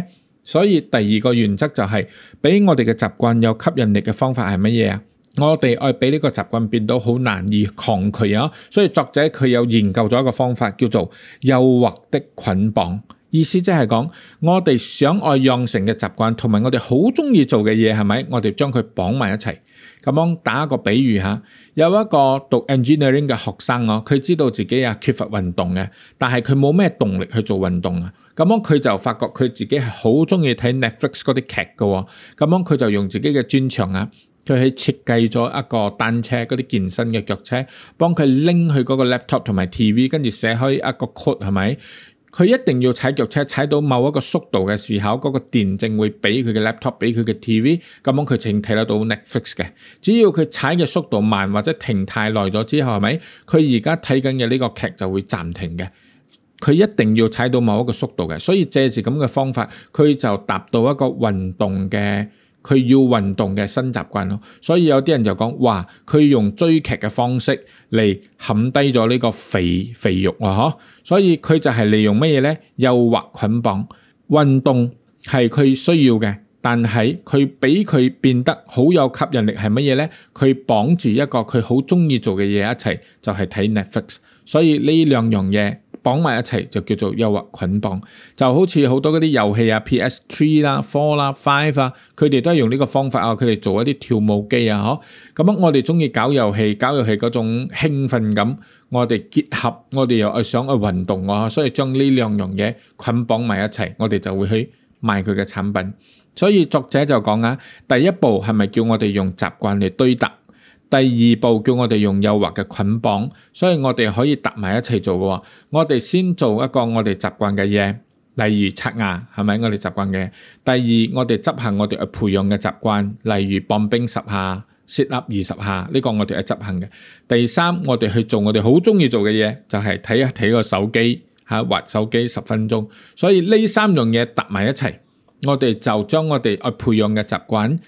S1: 所以第二個原則就係俾我哋嘅習慣有吸引力嘅方法係乜嘢啊？我哋愛俾呢個習慣變到好難以抗拒啊！所以作者佢又研究咗一個方法叫做誘惑的捆綁，意思即係講我哋想愛養成嘅習慣同埋我哋好中意做嘅嘢係咪？我哋將佢綁埋一齊。咁樣打一個比喻嚇，有一個讀 engineering 嘅學生哦，佢知道自己啊缺乏運動嘅，但係佢冇咩動力去做運動啊。咁樣佢就發覺佢自己係好中意睇 Netflix 嗰啲劇嘅。咁樣佢就用自己嘅專長啊，佢去設計咗一個單車嗰啲健身嘅腳車，幫佢拎去嗰個 laptop 同埋 TV，跟住寫開一個 code 係咪？佢一定要踩腳車，踩到某一個速度嘅時候，嗰個電正會俾佢嘅 laptop，俾佢嘅 TV，咁樣佢正睇得到 Netflix 嘅。只要佢踩嘅速度慢或者停太耐咗之後，係咪？佢而家睇緊嘅呢個劇就會暫停嘅。佢一定要踩到某一個速度嘅，所以借住咁嘅方法，佢就達到一個運動嘅。佢要運動嘅新習慣咯，所以有啲人就講哇，佢用追劇嘅方式嚟冚低咗呢個肥肥肉啊！呵，所以佢就係利用乜嘢咧？誘惑捆綁運動係佢需要嘅，但係佢俾佢變得好有吸引力係乜嘢咧？佢綁住一個佢好中意做嘅嘢一齊就係睇 Netflix，所以呢兩樣嘢。綁埋一齊就叫做誘惑捆綁，就好似好多嗰啲遊戲啊，PS Three 啦、Four 啦、Five 啊，佢哋都係用呢個方法啊，佢哋做一啲跳舞機啊，嗬，咁樣我哋中意搞遊戲，搞遊戲嗰種興奮感，我哋結合，我哋又想去運動，啊，所以將呢兩樣嘢捆綁埋一齊，我哋就會去賣佢嘅產品。所以作者就講啊，第一步係咪叫我哋用習慣嚟堆疊？第二步叫我哋用誘惑嘅捆綁，所以我哋可以搭埋一齊做嘅。我哋先做一個我哋習慣嘅嘢，例如刷牙，係咪我哋習慣嘅？第二，我哋執行我哋去培養嘅習慣，例如磅冰十下、set up 二十下，呢、這個我哋係執行嘅。第三，我哋去做我哋好中意做嘅嘢，就係、是、睇一睇個手機嚇、啊，滑手機十分鐘。所以呢三樣嘢搭埋一齊，我哋就將我哋去培養嘅習慣。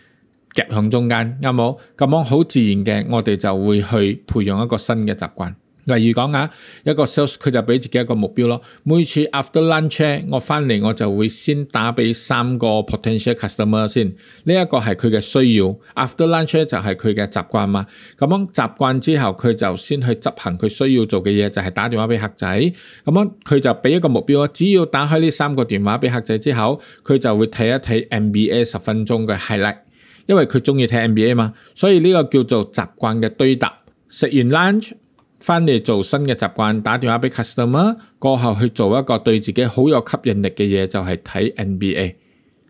S1: 夾響中間，啱冇咁樣好自然嘅，我哋就會去培養一個新嘅習慣。例如講啊，一個 sales 佢就俾自己一個目標咯。每次 after lunch 我翻嚟，我就會先打俾三個 potential customer 先。呢、這、一個係佢嘅需要，after lunch 就係佢嘅習慣嘛。咁樣習慣之後，佢就先去執行佢需要做嘅嘢，就係、是、打電話俾客仔。咁樣佢就俾一個目標咯，只要打開呢三個電話俾客仔之後，佢就會睇一睇 MBA 十分鐘嘅系列。因為佢中意睇 NBA 嘛，所以呢個叫做習慣嘅堆搭。食完 lunch 返嚟做新嘅習慣，打電話俾 customer，過後去做一個對自己好有吸引力嘅嘢，就係睇 NBA。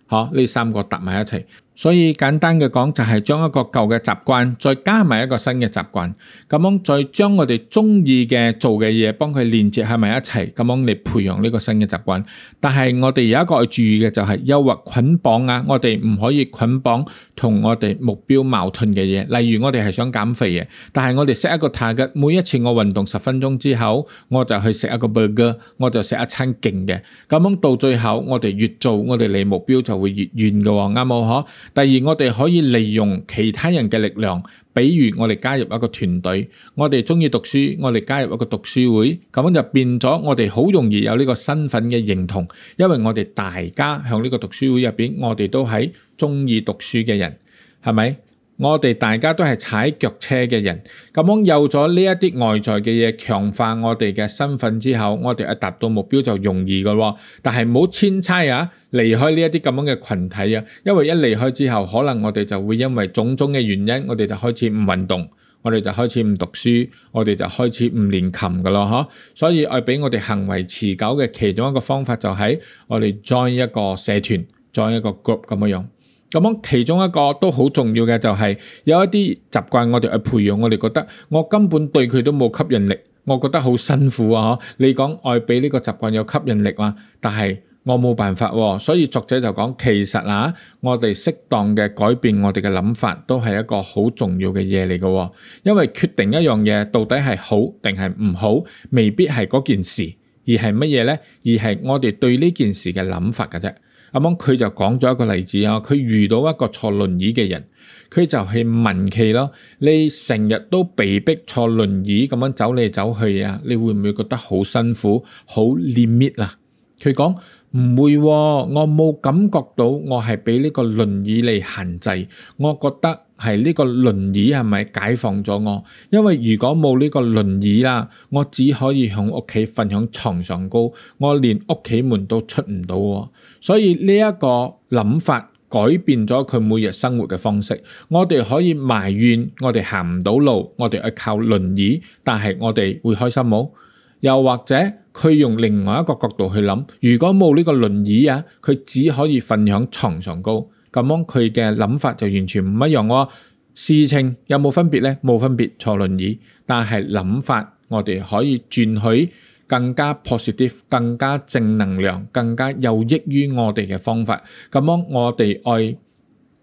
S1: 嚇，呢三個搭埋一齊。所以簡單嘅講，就係將一個舊嘅習慣，再加埋一個新嘅習慣，咁樣再將我哋中意嘅做嘅嘢，幫佢連接喺埋一齊，咁樣嚟培養呢個新嘅習慣。但係我哋有一個要注意嘅，就係誘惑捆綁啊！我哋唔可以捆綁同我哋目標矛盾嘅嘢。例如我哋係想減肥嘅，但係我哋設一個 target，每一次我運動十分鐘之後，我就去食一個 burger，我就食一餐勁嘅。咁樣到最後，我哋越做，我哋離目標就會越遠嘅喎，啱唔啱？嗬？第二，我哋可以利用其他人嘅力量，比如我哋加入一個團隊，我哋鍾意讀書，我哋加入一個讀書會，咁樣就變咗我哋好容易有呢個身份嘅認同，因為我哋大家喺呢個讀書會入邊，我哋都係鍾意讀書嘅人，係咪？我哋大家都係踩腳車嘅人，咁樣有咗呢一啲外在嘅嘢強化我哋嘅身份之後，我哋一達到目標就容易嘅喎。但係唔好遷差啊，離開呢一啲咁樣嘅群體啊，因為一離開之後，可能我哋就會因為種種嘅原因，我哋就開始唔運動，我哋就開始唔讀書，我哋就開始唔練琴嘅咯，嗬。所以我俾我哋行為持久嘅其中一個方法就係我哋 join 一個社團，join 一個 group 咁嘅樣。咁其中一個都好重要嘅就係有一啲習慣我哋去培養，我哋覺得我根本對佢都冇吸引力，我覺得好辛苦啊！你講愛俾呢個習慣有吸引力啊？但係我冇辦法喎。所以作者就講，其實啊，我哋適當嘅改變我哋嘅諗法都係一個好重要嘅嘢嚟嘅，因為決定一樣嘢到底係好定係唔好，未必係嗰件事，而係乜嘢呢？而係我哋對呢件事嘅諗法㗎啫。咁佢就講咗一個例子啊。佢遇到一個坐輪椅嘅人，佢就去問佢咯：你成日都被逼坐輪椅咁樣走嚟走去啊，你會唔會覺得好辛苦、好 limit 啊？佢講唔會、哦，我冇感覺到我係俾呢個輪椅嚟限制。我覺得係呢個輪椅係咪解放咗我？因為如果冇呢個輪椅啦，我只可以響屋企瞓響床上高，我連屋企門都出唔到。所以呢一個諗法改變咗佢每日生活嘅方式。我哋可以埋怨我哋行唔到路，我哋係靠輪椅，但係我哋會開心冇、哦？又或者佢用另外一個角度去諗，如果冇呢個輪椅啊，佢只可以瞓響床上高，咁樣佢嘅諗法就完全唔一樣喎、哦。事情有冇分別呢？冇分別，坐輪椅，但係諗法我哋可以轉去。更加 positive、更加正能量、更加有益於我哋嘅方法，咁樣我哋愛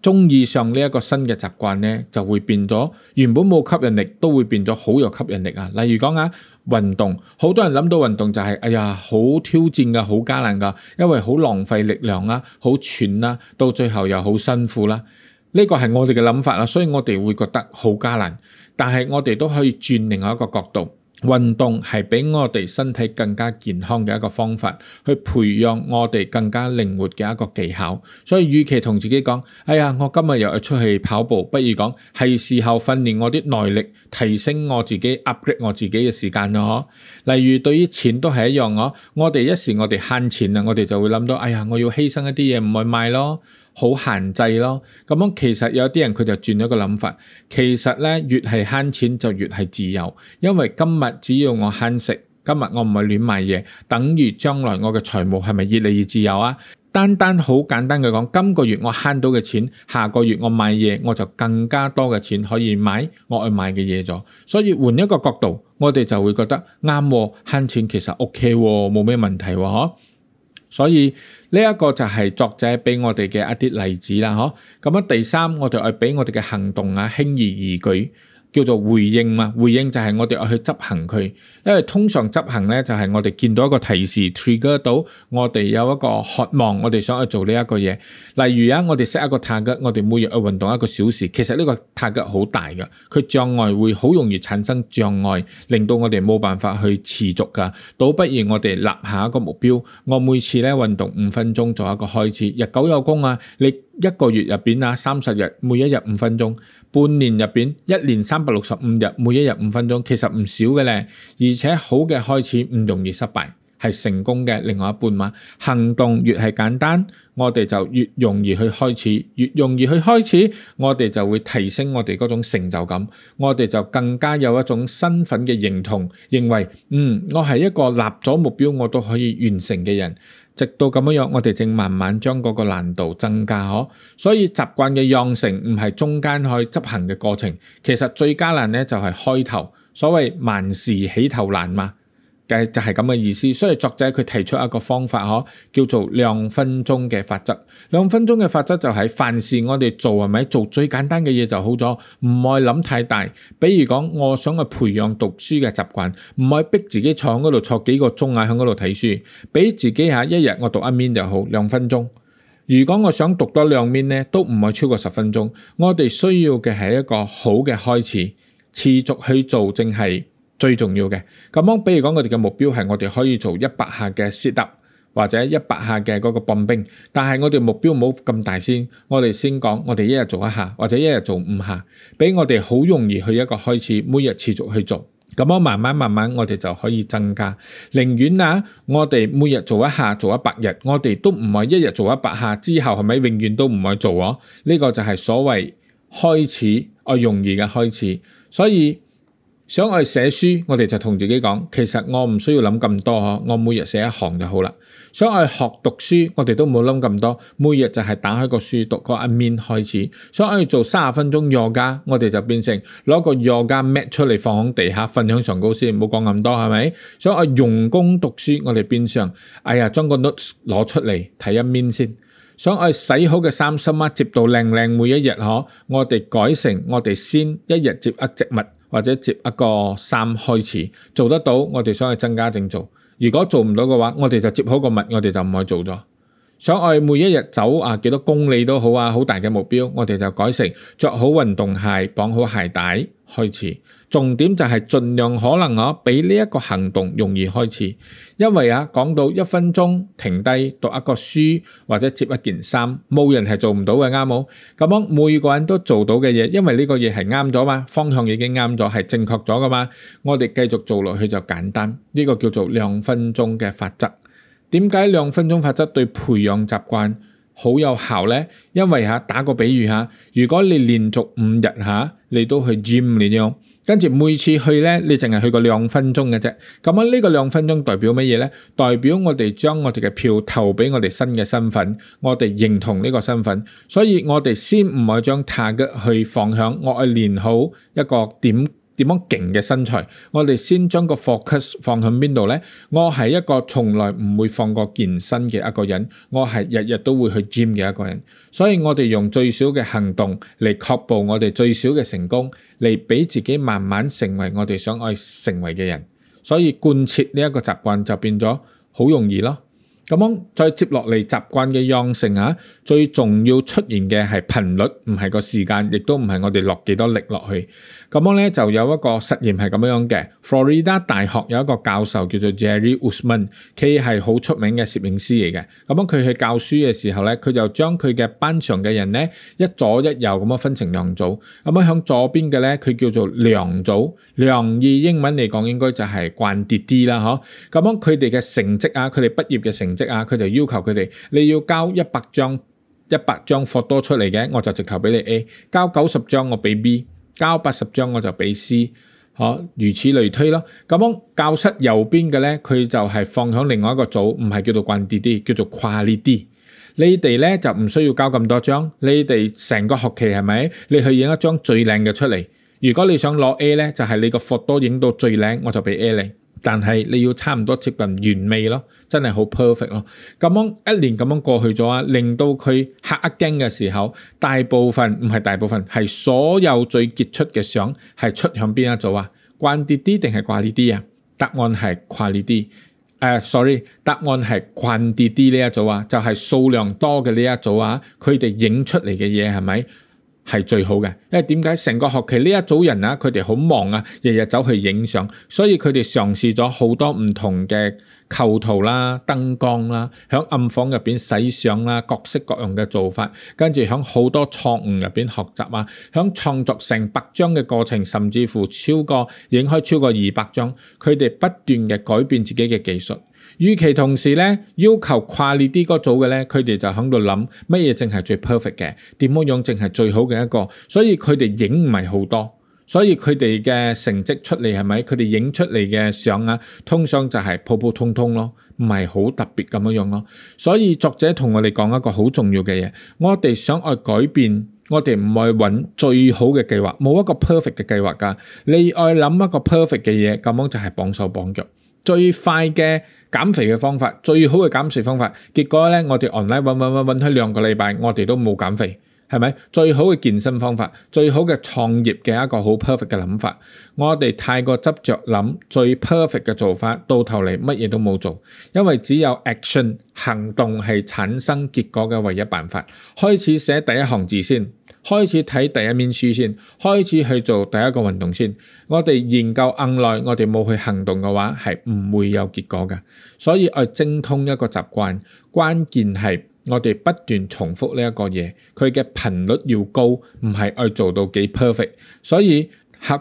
S1: 中意上呢一個新嘅習慣咧，就會變咗原本冇吸引力，都會變咗好有吸引力啊！例如講啊，運動，好多人諗到運動就係哎呀，好挑戰㗎，好艱難㗎，因為好浪費力量啦，好喘啦，到最後又好辛苦啦，呢個係我哋嘅諗法啦，所以我哋會覺得好艱難，但係我哋都可以轉另外一個角度。運動係俾我哋身體更加健康嘅一個方法，去培養我哋更加靈活嘅一個技巧。所以，與其同自己講，哎呀，我今日又要出去跑步，不如講係時候訓練我啲耐力，提升我自己 upgrade 我自己嘅時間咯。例如，對於錢都係一樣，我我哋一時我哋慳錢啊，我哋就會諗到，哎呀，我要犧牲一啲嘢唔去買咯。好限制咯，咁樣其實有啲人佢就轉咗個諗法，其實咧越係慳錢就越係自由，因為今日只要我慳食，今日我唔去亂買嘢，等於將來我嘅財務係咪越嚟越自由啊？單單好簡單嘅講，今個月我慳到嘅錢，下個月我買嘢我就更加多嘅錢可以買我去買嘅嘢咗，所以換一個角度，我哋就會覺得啱喎，慳錢其實 OK 喎，冇咩問題喎，所以。呢一個就係作者畀我哋嘅一啲例子啦，嗬、啊。咁樣第三，我哋愛畀我哋嘅行動啊輕而易舉。叫做回應嘛，回應就係我哋去執行佢。因為通常執行咧，就係我哋見到一個提示 trigger 到我哋有一個渴望，我哋想去做呢一個嘢。例如啊，我哋 set 一個 target，我哋每日去運動一個小時。其實呢個 target 好大噶，佢障礙會好容易產生障礙，令到我哋冇辦法去持續噶。倒不如我哋立下一個目標，我每次咧運動五分鐘做一個開始。日久有功啊，你一個月入邊啊，三十日，每一日五分鐘。半年入面，一年三百六十五日，每一日五分鐘，其實唔少嘅咧。而且好嘅開始唔容易失敗，係成功嘅另外一半嘛。行動越係簡單，我哋就越容易去開始，越容易去開始，我哋就會提升我哋嗰種成就感，我哋就更加有一種身份嘅認同，認為嗯，我係一個立咗目標我都可以完成嘅人。直到咁樣，我哋正慢慢將嗰個難度增加呵，所以習慣嘅養成唔係中間去執行嘅過程，其實最艱難咧就係開頭，所謂萬事起頭難嘛。就係咁嘅意思，所以作者佢提出一個方法，嗬，叫做兩分鐘嘅法則。兩分鐘嘅法則就係，凡事我哋做係咪做最簡單嘅嘢就好咗，唔愛諗太大。比如講，我想去培養讀書嘅習慣，唔係逼自己坐喺嗰度坐幾個鐘啊，喺嗰度睇書，俾自己吓一日我讀一面就好，兩分鐘。如果我想讀多兩面呢，都唔愛超過十分鐘。我哋需要嘅係一個好嘅開始，持續去做正係。最重要嘅咁，比如講我哋嘅目標係我哋可以做一百下嘅 sit up 或者一百下嘅嗰個泵冰，但係我哋目標冇咁大先，我哋先講我哋一日做一下或者一日做五下，俾我哋好容易去一個開始，每日持續去做，咁樣慢慢慢慢我哋就可以增加。寧願啊，我哋每日做一下做一百日，我哋都唔係一日做一百下之後，係咪永遠都唔去做？呢個就係所謂開始啊，我容易嘅開始，所以。想去寫書，我哋就同自己講，其實我唔需要諗咁多呵。我每日寫一行就好啦。想去學讀書，我哋都冇諗咁多，每日就係打開個書讀個一面開始。想我去做三十分鐘瑜伽，我哋就變成攞個瑜伽 mat 出嚟放喺地下瞓響上高先，唔好講咁多係咪？想去用功讀書，我哋變相哎呀，將個 notes 攞出嚟睇一面先。想去洗好嘅衫衫啊，接到靚靚，每一日呵，我哋改成我哋先一日接一植，植物。或者接一個衫開始做得到，我哋想去增加正做。如果做唔到嘅話，我哋就接好個物，我哋就唔去做咗。所以每一日走啊幾多公里都好啊，好大嘅目標，我哋就改成着好運動鞋，綁好鞋帶開始。重點就係盡量可能，我俾呢一個行動容易開始，因為啊，講到一分鐘停低讀一個書或者摺一件衫，冇人係做唔到嘅，啱冇咁樣每個人都做到嘅嘢，因為呢個嘢係啱咗嘛，方向已經啱咗，係正確咗㗎嘛。我哋繼續做落去就簡單，呢個叫做兩分鐘嘅法則。點解兩分鐘法則對培養習慣好有效呢？因為吓打個比喻吓，如果你連續五日吓你都去 gym 呢樣。跟住每次去咧，你淨係去個兩分鐘嘅啫。咁啊，呢個兩分鐘代表乜嘢咧？代表我哋將我哋嘅票投畀我哋新嘅身份，我哋認同呢個身份，所以我哋先唔可以將 target 去放響，我係練好一個點。點樣勁嘅身材？我哋先將個 focus 放響邊度呢？我係一個從來唔會放過健身嘅一個人，我係日日都會去 gym 嘅一個人，所以我哋用最少嘅行動嚟確保我哋最少嘅成功，嚟俾自己慢慢成為我哋想愛成為嘅人。所以貫徹呢一個習慣就變咗好容易咯。咁樣再接落嚟習慣嘅養成啊，最重要出現嘅係頻率，唔係個時間，亦都唔係我哋落幾多力落去。咁樣咧就有一個實驗係咁樣嘅，Florida 大學有一個教授叫做 Jerry Usman，佢係好出名嘅攝影師嚟嘅。咁樣佢去教書嘅時候咧，佢就將佢嘅班上嘅人咧一左一右咁樣分成兩組，咁樣響左邊嘅咧佢叫做量組，量意英文嚟講應該就係 quantity 啦嚇。咁樣佢哋嘅成績啊，佢哋畢業嘅成績啊，佢就要求佢哋你要交一百張一百張 photo 出嚟嘅，我就直頭俾你 A；交九十張我俾 B。交八十張我就俾 C，哦、啊，如此類推咯。咁樣教室右邊嘅咧，佢就係放響另外一個組，唔係叫做 quantity，叫做 quality。你哋咧就唔需要交咁多張，你哋成個學期係咪？你去影一張最靚嘅出嚟。如果你想攞 A 咧，就係你個 photo 影到最靚，我就俾 A 你。但係你要差唔多接近完美咯，真係好 perfect 咯。咁樣一年咁樣過去咗啊，令到佢嚇一驚嘅時候，大部分唔係大部分，係所有最傑出嘅相係出向邊一組啊？慣啲啲定係掛呢啲啊？答案係掛呢啲。誒，sorry，答案係慣啲啲呢一組啊，就係、是、數量多嘅呢一組啊，佢哋影出嚟嘅嘢係咪？是係最好嘅，因為點解成個學期呢一組人啊，佢哋好忙啊，日日走去影相，所以佢哋嘗試咗好多唔同嘅構圖啦、燈光啦，響暗房入邊洗相啦，各式各樣嘅做法，跟住響好多錯誤入邊學習啊，響創作成百張嘅過程，甚至乎超過影開超過二百張，佢哋不斷嘅改變自己嘅技術。與其同時咧，要求跨裂啲哥組嘅咧，佢哋就喺度諗乜嘢淨係最 perfect 嘅，點樣樣淨係最好嘅一個，所以佢哋影唔係好多，所以佢哋嘅成績出嚟係咪？佢哋影出嚟嘅相啊，通常就係普普通通咯，唔係好特別咁樣樣咯。所以作者同我哋講一個好重要嘅嘢，我哋想去改變，我哋唔愛揾最好嘅計劃，冇一個 perfect 嘅計劃㗎。你愛諗一個 perfect 嘅嘢，咁樣就係綁手綁腳。最快嘅減肥嘅方法，最好嘅減肥方法，結果咧，我哋 online 揾揾揾揾咗兩個禮拜，我哋都冇減肥，係咪？最好嘅健身方法，最好嘅創業嘅一個好 perfect 嘅諗法，我哋太過執着諗最 perfect 嘅做法，到頭嚟乜嘢都冇做，因為只有 action 行動係產生結果嘅唯一辦法。開始寫第一行字先。開始睇第一面書先，開始去做第一個運動先。我哋研究硬耐，我哋冇去行動嘅話，係唔會有結果嘅。所以我要精通一個習慣，關鍵係我哋不斷重複呢一個嘢，佢嘅頻率要高，唔係我要做到幾 perfect。所以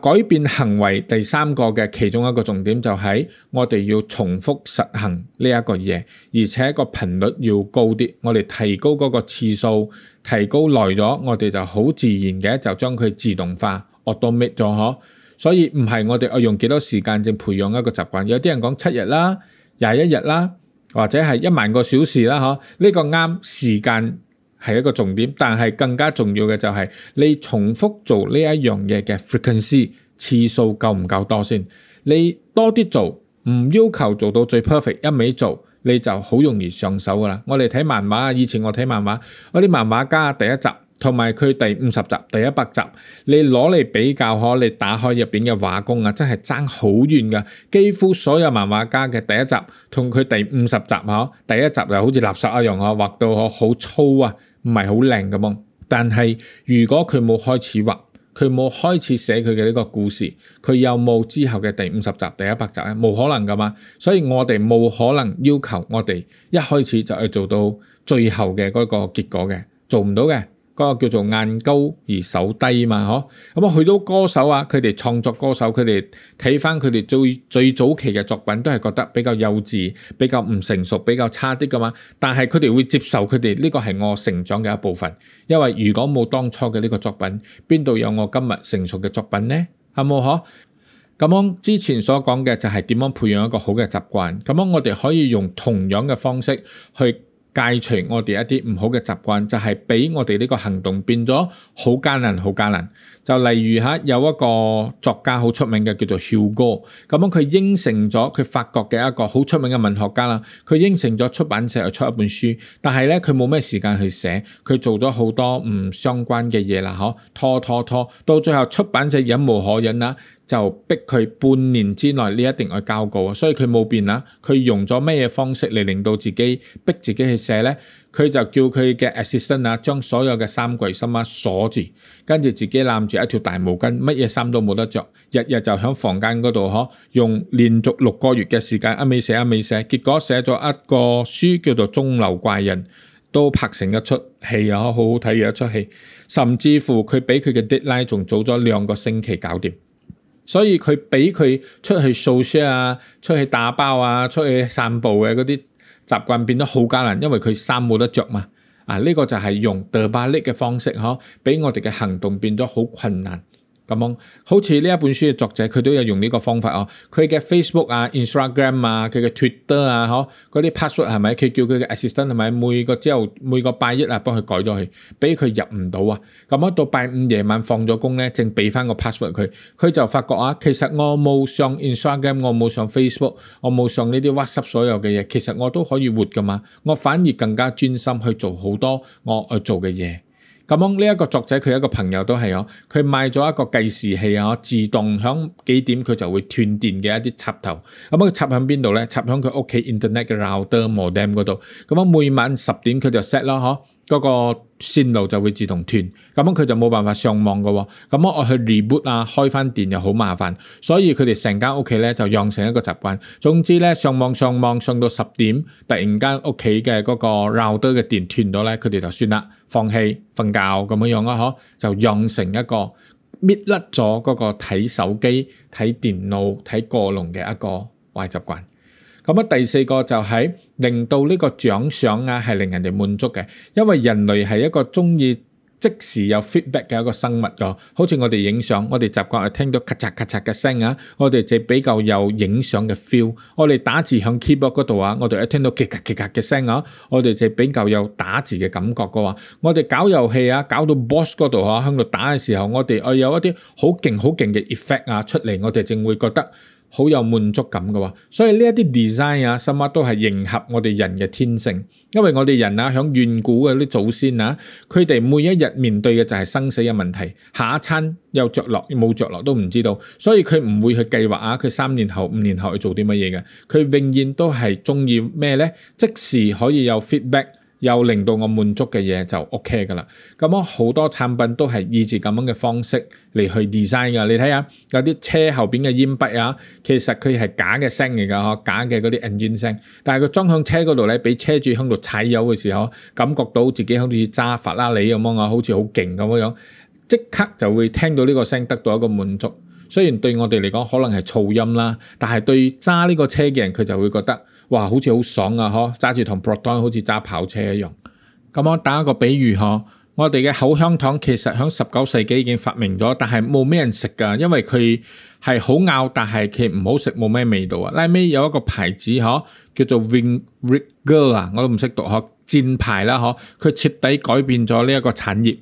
S1: 改變行為第三個嘅其中一個重點就係我哋要重複實行呢一個嘢，而且個頻率要高啲。我哋提高嗰個次數，提高耐咗，我哋就好自然嘅就將佢自動化，我到咩咗嗬。所以唔係我哋我用幾多時間正培養一個習慣？有啲人講七日啦，廿一日啦，或者係一萬個小時啦，呵、呢個，呢個啱時間。係一個重點，但係更加重要嘅就係你重複做呢一樣嘢嘅 frequency 次數夠唔夠多先？你多啲做，唔要求做到最 perfect，一味做你就好容易上手噶啦。我哋睇漫畫啊，以前我睇漫畫，嗰啲漫畫家第一集同埋佢第五十集、第一百集，你攞嚟比較可，你打開入邊嘅畫工啊，真係爭好遠噶，幾乎所有漫畫家嘅第一集同佢第五十集啊，第一集就好似垃圾一樣啊，畫到好粗啊～唔係好靚㗎嘛，但係如果佢冇開始畫，佢冇開始寫佢嘅呢個故事，佢有冇之後嘅第五十集、第一百集咧？冇可能噶嘛，所以我哋冇可能要求我哋一開始就去做到最後嘅嗰個結果嘅，做唔到嘅。嗰個叫做眼高而手低嘛，嗬，咁啊，去到歌手啊，佢哋創作歌手，佢哋睇返佢哋最最早期嘅作品，都係覺得比較幼稚，比較唔成熟，比較差啲㗎嘛。但係佢哋會接受佢哋呢個係我成長嘅一部分，因為如果冇當初嘅呢個作品，邊度有我今日成熟嘅作品呢？係冇嗬？咁樣之前所講嘅就係點樣培養一個好嘅習慣？咁樣我哋可以用同樣嘅方式去。戒除我哋一啲唔好嘅習慣，就係俾我哋呢個行動變咗好艱難，好艱難。就例如嚇有一個作家好出名嘅，叫做雨果。咁樣佢應承咗佢法國嘅一個好出名嘅文學家啦，佢應承咗出版社又出一本書，但係咧佢冇咩時間去寫，佢做咗好多唔相關嘅嘢啦，嗬拖拖拖，到最後出版社忍無可忍啦，就逼佢半年之內呢一定去交稿，所以佢冇變啦，佢用咗咩嘢方式嚟令到自己逼自己去寫咧？佢就叫佢嘅 assistant 啊，將所有嘅衫櫃心啊鎖住，跟住自己攬住一條大毛巾，乜嘢衫都冇得着，日日就喺房間嗰度呵，用連續六個月嘅時間一尾寫，一尾寫，結果寫咗一個書叫做《鐘樓怪人》，都拍成一出戲啊，好好睇嘅一出戲，甚至乎佢俾佢嘅 deadline 仲早咗兩個星期搞掂，所以佢俾佢出去掃書啊，出去打包啊，出去散步嘅嗰啲。啊習慣變得好艱難，因為佢衫冇得着嘛。啊，呢、這個就係用倒把力嘅方式，可畀我哋嘅行動變咗好困難。咁樣，好似呢一本書嘅作者，佢都有用呢個方法哦。佢嘅 Facebook 啊、Instagram 啊、佢嘅 Twitter 啊，嗬，嗰啲 password 係咪？佢叫佢嘅 assistant 係咪？每個朝頭、每個拜一啊，幫佢改咗佢，俾佢入唔到啊。咁一到拜五夜晚放咗工咧，正俾翻個 password 佢，佢就發覺啊，其實我冇上 Instagram，我冇上 Facebook，我冇上呢啲 WhatsApp 所有嘅嘢，其實我都可以活噶嘛。我反而更加專心去做好多我我做嘅嘢。咁樣呢一個作者，佢一個朋友都係呵，佢買咗一個計時器啊，自動響幾點佢就會斷電嘅一啲插頭。咁佢插響邊度咧？插響佢屋企 internet 嘅 router modem 嗰度。咁樣每晚十點佢就 set 咯，呵。嗰個線路就會自動斷，咁樣佢就冇辦法上網嘅喎、哦。咁我去 reboot 啊，開翻電又好麻煩，所以佢哋成間屋企咧就養成一個習慣。總之咧，上網上網上到十點，突然間屋企嘅嗰個 router 嘅電斷咗咧，佢哋就算啦，放棄瞓覺咁樣樣啊，呵，就養成一個搣甩咗嗰個睇手機、睇電腦、睇過龍嘅一個壞習慣。咁啊，第四個就係、是、令到呢個獎賞啊，係令人哋滿足嘅。因為人類係一個中意即時有 feedback 嘅一個生物噶，好似我哋影相，我哋習慣係聽到咔嚓咔嚓嘅聲啊，我哋就比較有影相嘅 feel。我哋打字向 keyboard 嗰度啊，我哋一聽到咔嚓咔咔咔嘅聲啊，我哋就比較有打字嘅感覺噶喎。我哋搞遊戲啊，搞到 boss 嗰度啊，喺度打嘅時候，我哋我有一啲好勁好勁嘅 effect 啊出嚟，我哋就會覺得。好有滿足感嘅喎，所以呢一啲 design 啊，甚至都係迎合我哋人嘅天性，因為我哋人啊，響遠古嗰啲祖先啊，佢哋每一日面對嘅就係生死嘅問題，下一餐有着落冇着落都唔知道，所以佢唔會去計劃啊，佢三年後五年後去做啲乜嘢嘅，佢永遠都係中意咩咧？即時可以有 feedback。又令到我滿足嘅嘢就 OK 噶啦，咁我好多產品都係以住咁樣嘅方式嚟去 design 嘅。你睇下有啲車後邊嘅煙筆啊，其實佢係假嘅聲嚟㗎呵，假嘅嗰啲 engine 聲。但係佢裝向車嗰度咧，俾車主響度踩油嘅時候，感覺到自己好似揸法拉利咁啊，好似好勁咁樣，即刻就會聽到呢個聲，得到一個滿足。雖然對我哋嚟講可能係噪音啦，但係對揸呢個車嘅人，佢就會覺得。哇，好似好爽啊！呵，揸住同 Proton 好似揸跑車一樣。咁我打一個比喻呵、啊，我哋嘅口香糖其實喺十九世紀已經發明咗，但係冇咩人食噶，因為佢係好咬，但係佢唔好食，冇咩味道啊。拉尾有一個牌子呵、啊，叫做 Wrigley 啊，我都唔識讀呵，箭牌啦，佢徹底改變咗呢一個產業。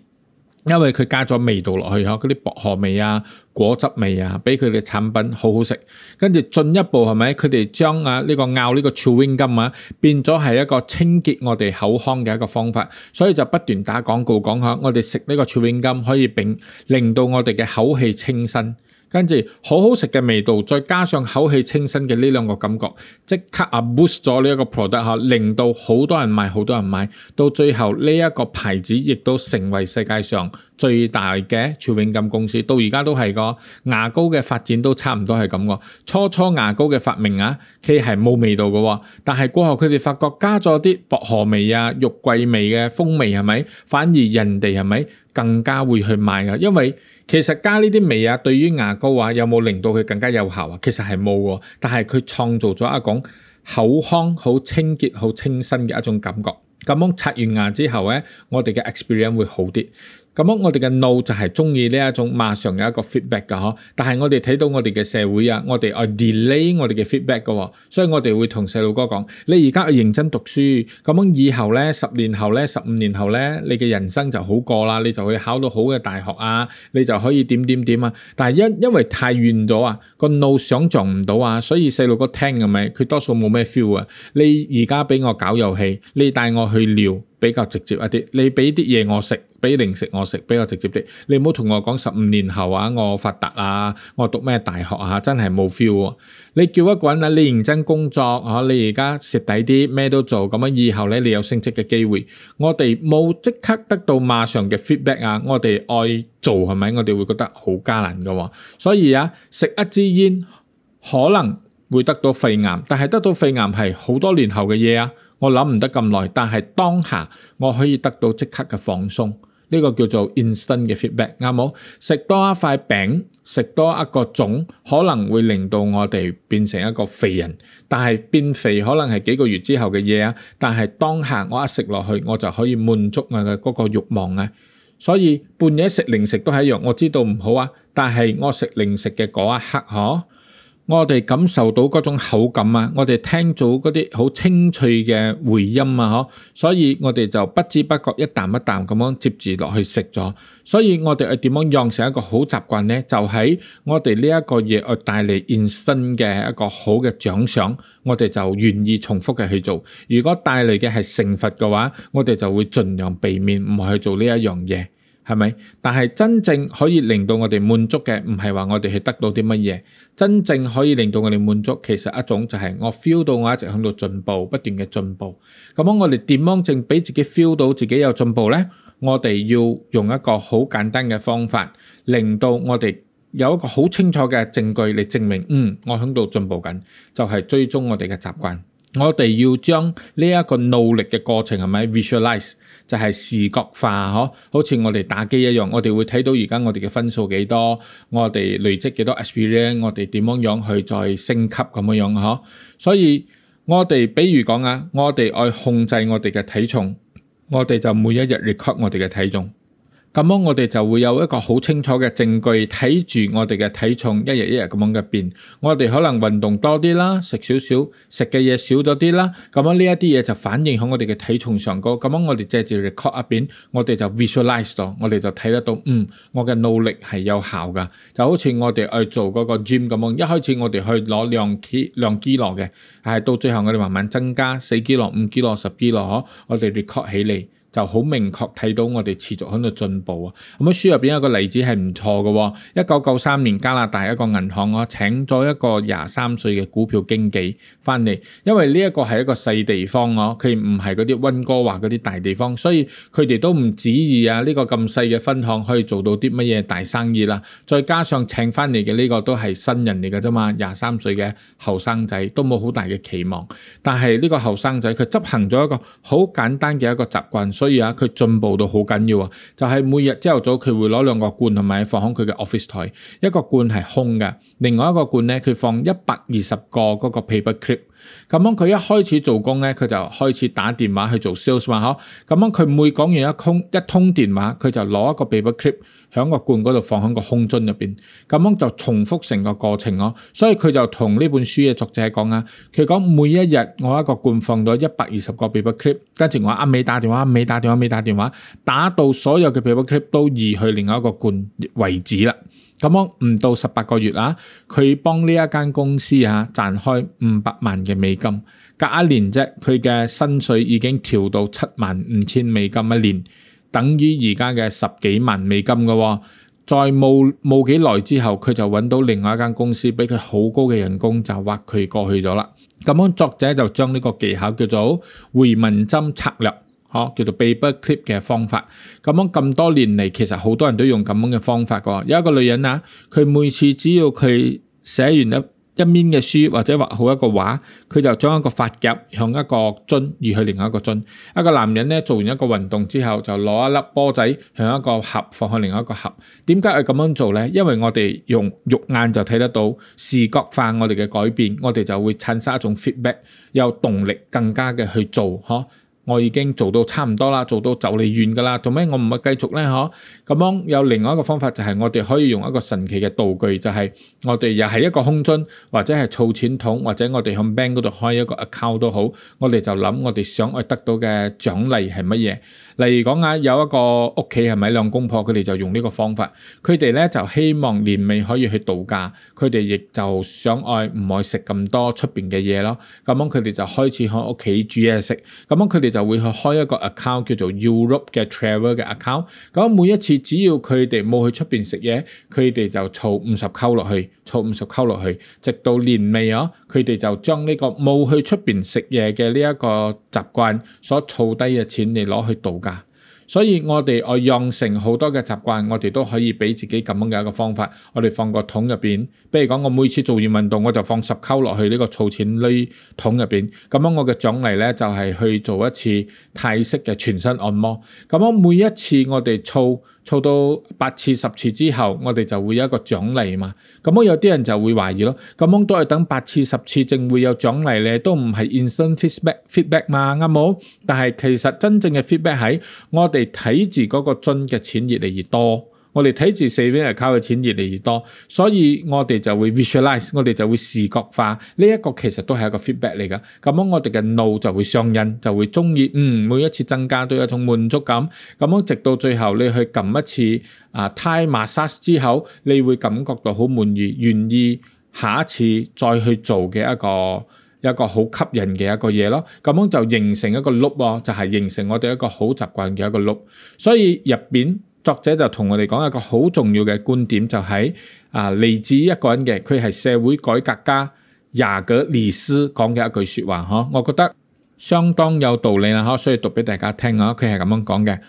S1: 因為佢加咗味道落去嗬，嗰啲薄荷味啊、果汁味啊，俾佢哋產品好好食。跟住進一步係咪？佢哋將啊呢、這個咬呢個 chewing gum 啊，變咗係一個清潔我哋口腔嘅一個方法。所以就不斷打廣告講吓，我哋食呢個 chewing gum 可以並令到我哋嘅口氣清新。跟住好好食嘅味道，再加上口氣清新嘅呢兩個感覺，即刻啊 boost 咗呢一個 product，令到好多人買，好多人買到最後呢一個牌子亦都成為世界上最大嘅超永金公司。到而家都係個牙膏嘅發展都差唔多係咁個。初初牙膏嘅發明啊，佢係冇味道嘅，但係過後佢哋發覺加咗啲薄荷味啊、肉桂味嘅風味係咪，反而人哋係咪更加會去買噶？因為其實加呢啲味啊，對於牙膏啊，有冇令到佢更加有效啊？其實係冇喎，但係佢創造咗一種口腔好清潔、好清新嘅一種感覺。咁樣刷完牙之後咧，我哋嘅 experience 會好啲。咁我哋嘅腦就係中意呢一種馬上有一個 feedback 噶嗬，但係我哋睇到我哋嘅社會啊，我哋啊 delay 我哋嘅 feedback 噶，所以我哋會同細路哥講：你而家要認真讀書，咁樣以後咧，十年後咧，十五年後咧，你嘅人生就好過啦，你就會考到好嘅大學啊，你就可以點點點啊。但係因因為太遠咗啊，個腦想象唔到啊，所以細路哥聽係咪？佢多數冇咩 feel 啊。你而家俾我搞遊戲，你帶我去撩。比較直接一啲，你俾啲嘢我食，俾零食我食，比較直接啲。你唔好同我講十五年後啊，我發達啊，我讀咩大學啊，真係冇 feel 啊。你叫一個人啊，你認真工作，嚇、啊、你而家蝕底啲，咩都做咁樣，以後咧你有升職嘅機會。我哋冇即刻得到馬上嘅 feedback 啊，我哋愛做係咪？我哋會覺得好艱難嘅、啊。所以啊，食一支煙可能會得到肺癌，但係得到肺癌係好多年後嘅嘢啊。我諗唔得咁耐，但係當下我可以得到即刻嘅放鬆，呢個叫做 Instant 嘅 feedback，啱冇？食多一塊餅，食多一個粽，可能會令到我哋變成一個肥人，但係變肥可能係幾個月之後嘅嘢啊。但係當下我一食落去，我就可以滿足我嘅嗰個欲望啊。所以半夜食零食都係一樣，我知道唔好啊，但係我食零食嘅嗰一刻呵，我哋感受到嗰種口感啊，我哋聽到嗰啲好清脆嘅回音啊，所以我哋就不知不覺一啖一啖咁樣接住落去食咗。所以我哋係點樣養成一個好習慣咧？就喺、是、我哋呢一個嘢去帶嚟現身嘅一個好嘅獎賞，我哋就願意重複嘅去做。如果帶嚟嘅係懲罰嘅話，我哋就會盡量避免唔去做呢一樣嘢。係咪？但係真正可以令到我哋滿足嘅，唔係話我哋去得到啲乜嘢。真正可以令到我哋滿足，其實一種就係我 feel 到我一直響度進步，不斷嘅進步。咁樣我哋點樣正俾自己 feel 到自己有進步咧？我哋要用一個好簡單嘅方法，令到我哋有一個好清楚嘅證據嚟證明，嗯，我響度進步緊，就係追蹤我哋嘅習慣。我哋要將呢一個努力嘅過程，係咪 visualize？就係視覺化，好似我哋打機一樣，我哋會睇到而家我哋嘅分數幾多，我哋累積幾多 SP 咧，我哋點樣樣去再升級咁樣樣。所以我哋比如講啊，我哋要控制我哋嘅體重，我哋就每一日 record 我哋嘅體重。咁樣我哋就會有一個好清楚嘅證據，睇住我哋嘅體重一日一日咁樣嘅變。我哋可能運動多啲啦，食少少，食嘅嘢少咗啲啦。咁樣呢一啲嘢就反映喺我哋嘅體重上高。咁樣我哋借住 record 入邊，我哋就 visualise 到，我哋就睇得到，嗯，我嘅努力係有效噶。就好似我哋去做嗰個 gym 咁樣，一開始我哋去攞兩幾兩幾基落嘅，係到最後我哋慢慢增加四基落、五基落、十基落，我哋 record 起嚟。就好明確睇到我哋持續喺度進步啊！咁書入邊有個例子係唔錯嘅。啊，一九九三年加拿大一個銀行啊請咗一個廿三歲嘅股票經紀翻嚟，因為呢一個係一個細地方哦。啊，佢唔係嗰啲温哥華嗰啲大地方，所以佢哋都唔指意啊呢個咁細嘅分行可以做到啲乜嘢大生意啦。再加上請翻嚟嘅呢個都係新人嚟嘅啫嘛，廿三歲嘅後生仔都冇好大嘅期望，但係呢個後生仔佢執行咗一個好簡單嘅一個習慣。所以啊，佢進步到好緊要啊！就係每日朝頭早佢會攞兩個罐同埋放喺佢嘅 office 台，一個罐係空嘅，另外一個罐咧佢放一百二十個嗰個 paper clip。咁樣佢一開始做工咧，佢就開始打電話去做 sales 嘛，嗬！咁樣佢每講完一通一通電話，佢就攞一個 paper clip。喺個罐嗰度，放喺個空樽入邊，咁樣就重複成個過程咯。所以佢就同呢本書嘅作者講啊，佢講，每一日我一個罐放咗一百二十個 baby clip，跟住我阿美打電話，阿美打電話，阿美打電話，打到所有嘅 baby clip 都移去另外一個罐為止啦。咁樣唔到十八個月啦，佢幫呢一間公司啊賺開五百萬嘅美金，隔一年啫，佢嘅薪水已經調到七萬五千美金一年。等於而家嘅十幾萬美金嘅喎，再冇冇幾耐之後，佢就揾到另外一間公司，畀佢好高嘅人工就挖佢過去咗啦。咁樣作者就將呢個技巧叫做回文針策略，嚇、啊、叫做 baby clip 嘅方法。咁樣咁多年嚟，其實好多人都用咁樣嘅方法嘅。有一個女人啊，佢每次只要佢寫完一一面嘅書或者畫好一個畫，佢就將一個髮夾向一個樽移去另一個樽。一個男人咧做完一個運動之後，就攞一粒波仔向一個盒放去另一個盒。點解係咁樣做咧？因為我哋用肉眼就睇得到視覺化我哋嘅改變，我哋就會產生一種 feedback，有動力更加嘅去做，吓。我已經做到差唔多啦，做到就嚟完噶啦。做咩我唔繼續呢？嗬、啊，咁樣有另外一個方法就係我哋可以用一個神奇嘅道具，就係、是、我哋又係一個空樽，或者係儲錢桶，或者我哋向 bank 度開一個 account 都好。我哋就諗我哋想去得到嘅獎勵係乜嘢？例如講啊，有一個屋企係咪兩公婆，佢哋就用呢個方法。佢哋咧就希望年尾可以去度假，佢哋亦就想愛唔愛食咁多出邊嘅嘢咯。咁樣佢哋就開始喺屋企煮嘢食。咁樣佢哋就會去開一個 account 叫做 Europe 嘅 travel 嘅 account。咁每一次只要佢哋冇去出邊食嘢，佢哋就儲五十溝落去。儲五十扣落去，直到年尾啊，佢哋就將呢個冇去出邊食嘢嘅呢一個習慣所儲低嘅錢嚟攞去度假。所以我哋我養成好多嘅習慣，我哋都可以俾自己咁樣嘅一個方法，我哋放個桶入邊。比如講，我每次做完運動，我就放十扣落去呢個儲錢呢桶入邊。咁樣我嘅獎勵呢，就係去做一次泰式嘅全身按摩。咁樣我每一次我哋儲。做到八次十次之後，我哋就會有一個獎勵嘛。咁樣有啲人就會懷疑咯。咁樣都係等八次十次正會有獎勵咧，都唔係 instant feedback feedback 嘛啱冇？但係其實真正嘅 feedback 喺我哋睇住嗰個樽嘅錢越嚟越多。我哋睇住四邊係靠嘅錢越嚟越多，所以我哋就會 visualise，我哋就會視覺化呢一、這個其實都係一個 feedback 嚟噶。咁樣我哋嘅腦就會上癮，就會中意，嗯，每一次增加都有一種滿足感。咁樣直到最後你去撳一次啊、呃、time mass 之後，你會感覺到好滿意，願意下一次再去做嘅一個一個好吸引嘅一個嘢咯。咁樣就形成一個 loop，就係形成我哋一個好習慣嘅一個 loop。所以入邊。作者就同我哋講一個好重要嘅觀點，就喺啊嚟自一個人嘅，佢係社會改革家牙格里斯講嘅一句說話，吓，我覺得相當有道理啦，吓，所以讀俾大家聽啊，佢係咁樣講嘅。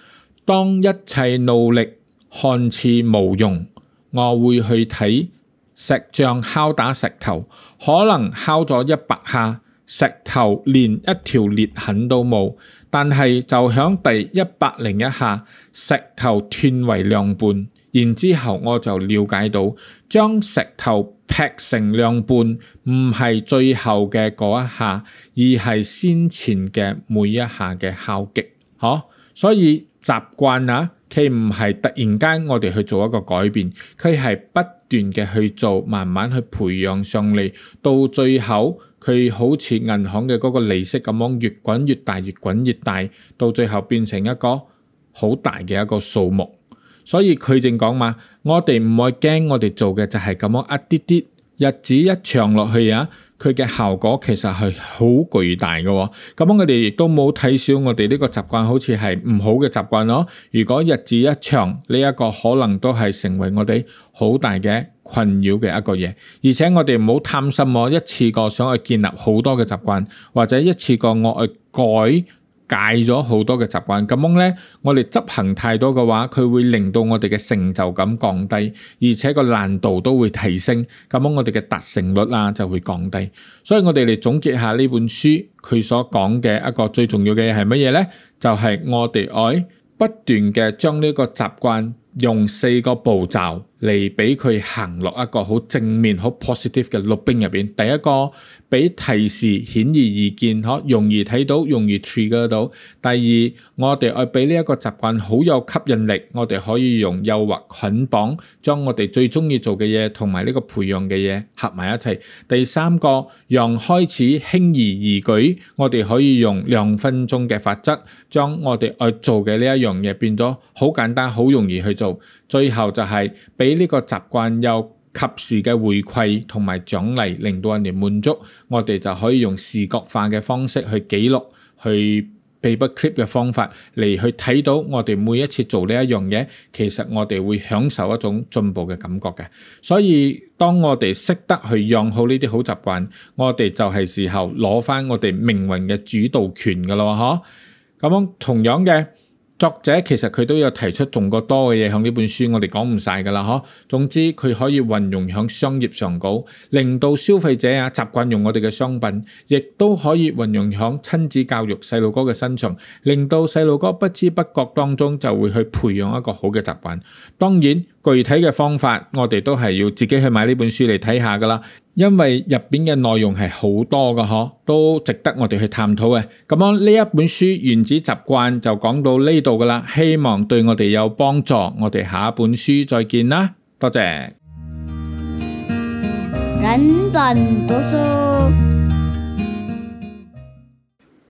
S1: 當一切努力看似無用，我會去睇石匠敲打石頭，可能敲咗一百下，石頭連一條裂痕都冇。但係就響第一百零一下，石頭斷為兩半，然之後我就了解到，將石頭劈成兩半唔係最後嘅嗰一下，而係先前嘅每一下嘅敲擊，呵。所以習慣啊，佢唔係突然間我哋去做一個改變，佢係不斷嘅去做，慢慢去培養上嚟，到最後。佢好似銀行嘅嗰個利息咁樣，越滾越大，越滾越大，到最後變成一個好大嘅一個數目。所以佢正講嘛，我哋唔會驚，我哋做嘅就係咁樣，一啲啲日子一長落去啊。佢嘅效果其實係好巨大嘅哦，咁我哋亦都冇睇少我哋呢個習慣，好似係唔好嘅習慣咯。如果日子一長，呢一個可能都係成為我哋好大嘅困擾嘅一個嘢。而且我哋唔好貪心哦，一次過想去建立好多嘅習慣，或者一次過我去改。戒咗好多嘅習慣，咁樣咧，我哋執行太多嘅話，佢會令到我哋嘅成就感降低，而且個難度都會提升，咁樣我哋嘅達成率啊就會降低。所以我哋嚟總結下呢本書佢所講嘅一個最重要嘅係乜嘢咧？就係、是、我哋要不斷嘅將呢個習慣用四個步驟嚟俾佢行落一個好正面、好 positive 嘅路徑入邊面。第一個。俾提示顯而易見，可容易睇到，容易處理得到。第二，我哋愛俾呢一個習慣好有吸引力，我哋可以用誘惑捆綁，將我哋最鍾意做嘅嘢同埋呢個培養嘅嘢合埋一齊。第三個，讓開始輕而易舉，我哋可以用兩分鐘嘅法則，將我哋愛做嘅呢一樣嘢變咗好簡單、好容易去做。最後就係俾呢個習慣又。及時嘅回饋同埋獎勵，令到人哋滿足，我哋就可以用視覺化嘅方式去記錄，去 paper clip 嘅方法嚟去睇到我哋每一次做呢一樣嘢，其實我哋會享受一種進步嘅感覺嘅。所以當我哋識得去養好呢啲好習慣，我哋就係時候攞返我哋命運嘅主導權㗎喇，嚇。咁樣同樣嘅。作者其實佢都有提出仲更多嘅嘢，響呢本書我哋講唔晒㗎喇，嗬。總之佢可以運用響商業上稿，令到消費者啊習慣用我哋嘅商品，亦都可以運用響親子教育細路哥嘅身上，令到細路哥不知不覺當中就會去培養一個好嘅習慣。當然。具體嘅方法，我哋都係要自己去買呢本書嚟睇下噶啦，因為入邊嘅內容係好多噶嗬，都值得我哋去探討嘅。咁樣呢一本書《原子習慣》就講到呢度噶啦，希望對我哋有幫助。我哋下一本書再見啦，多謝。人本讀書。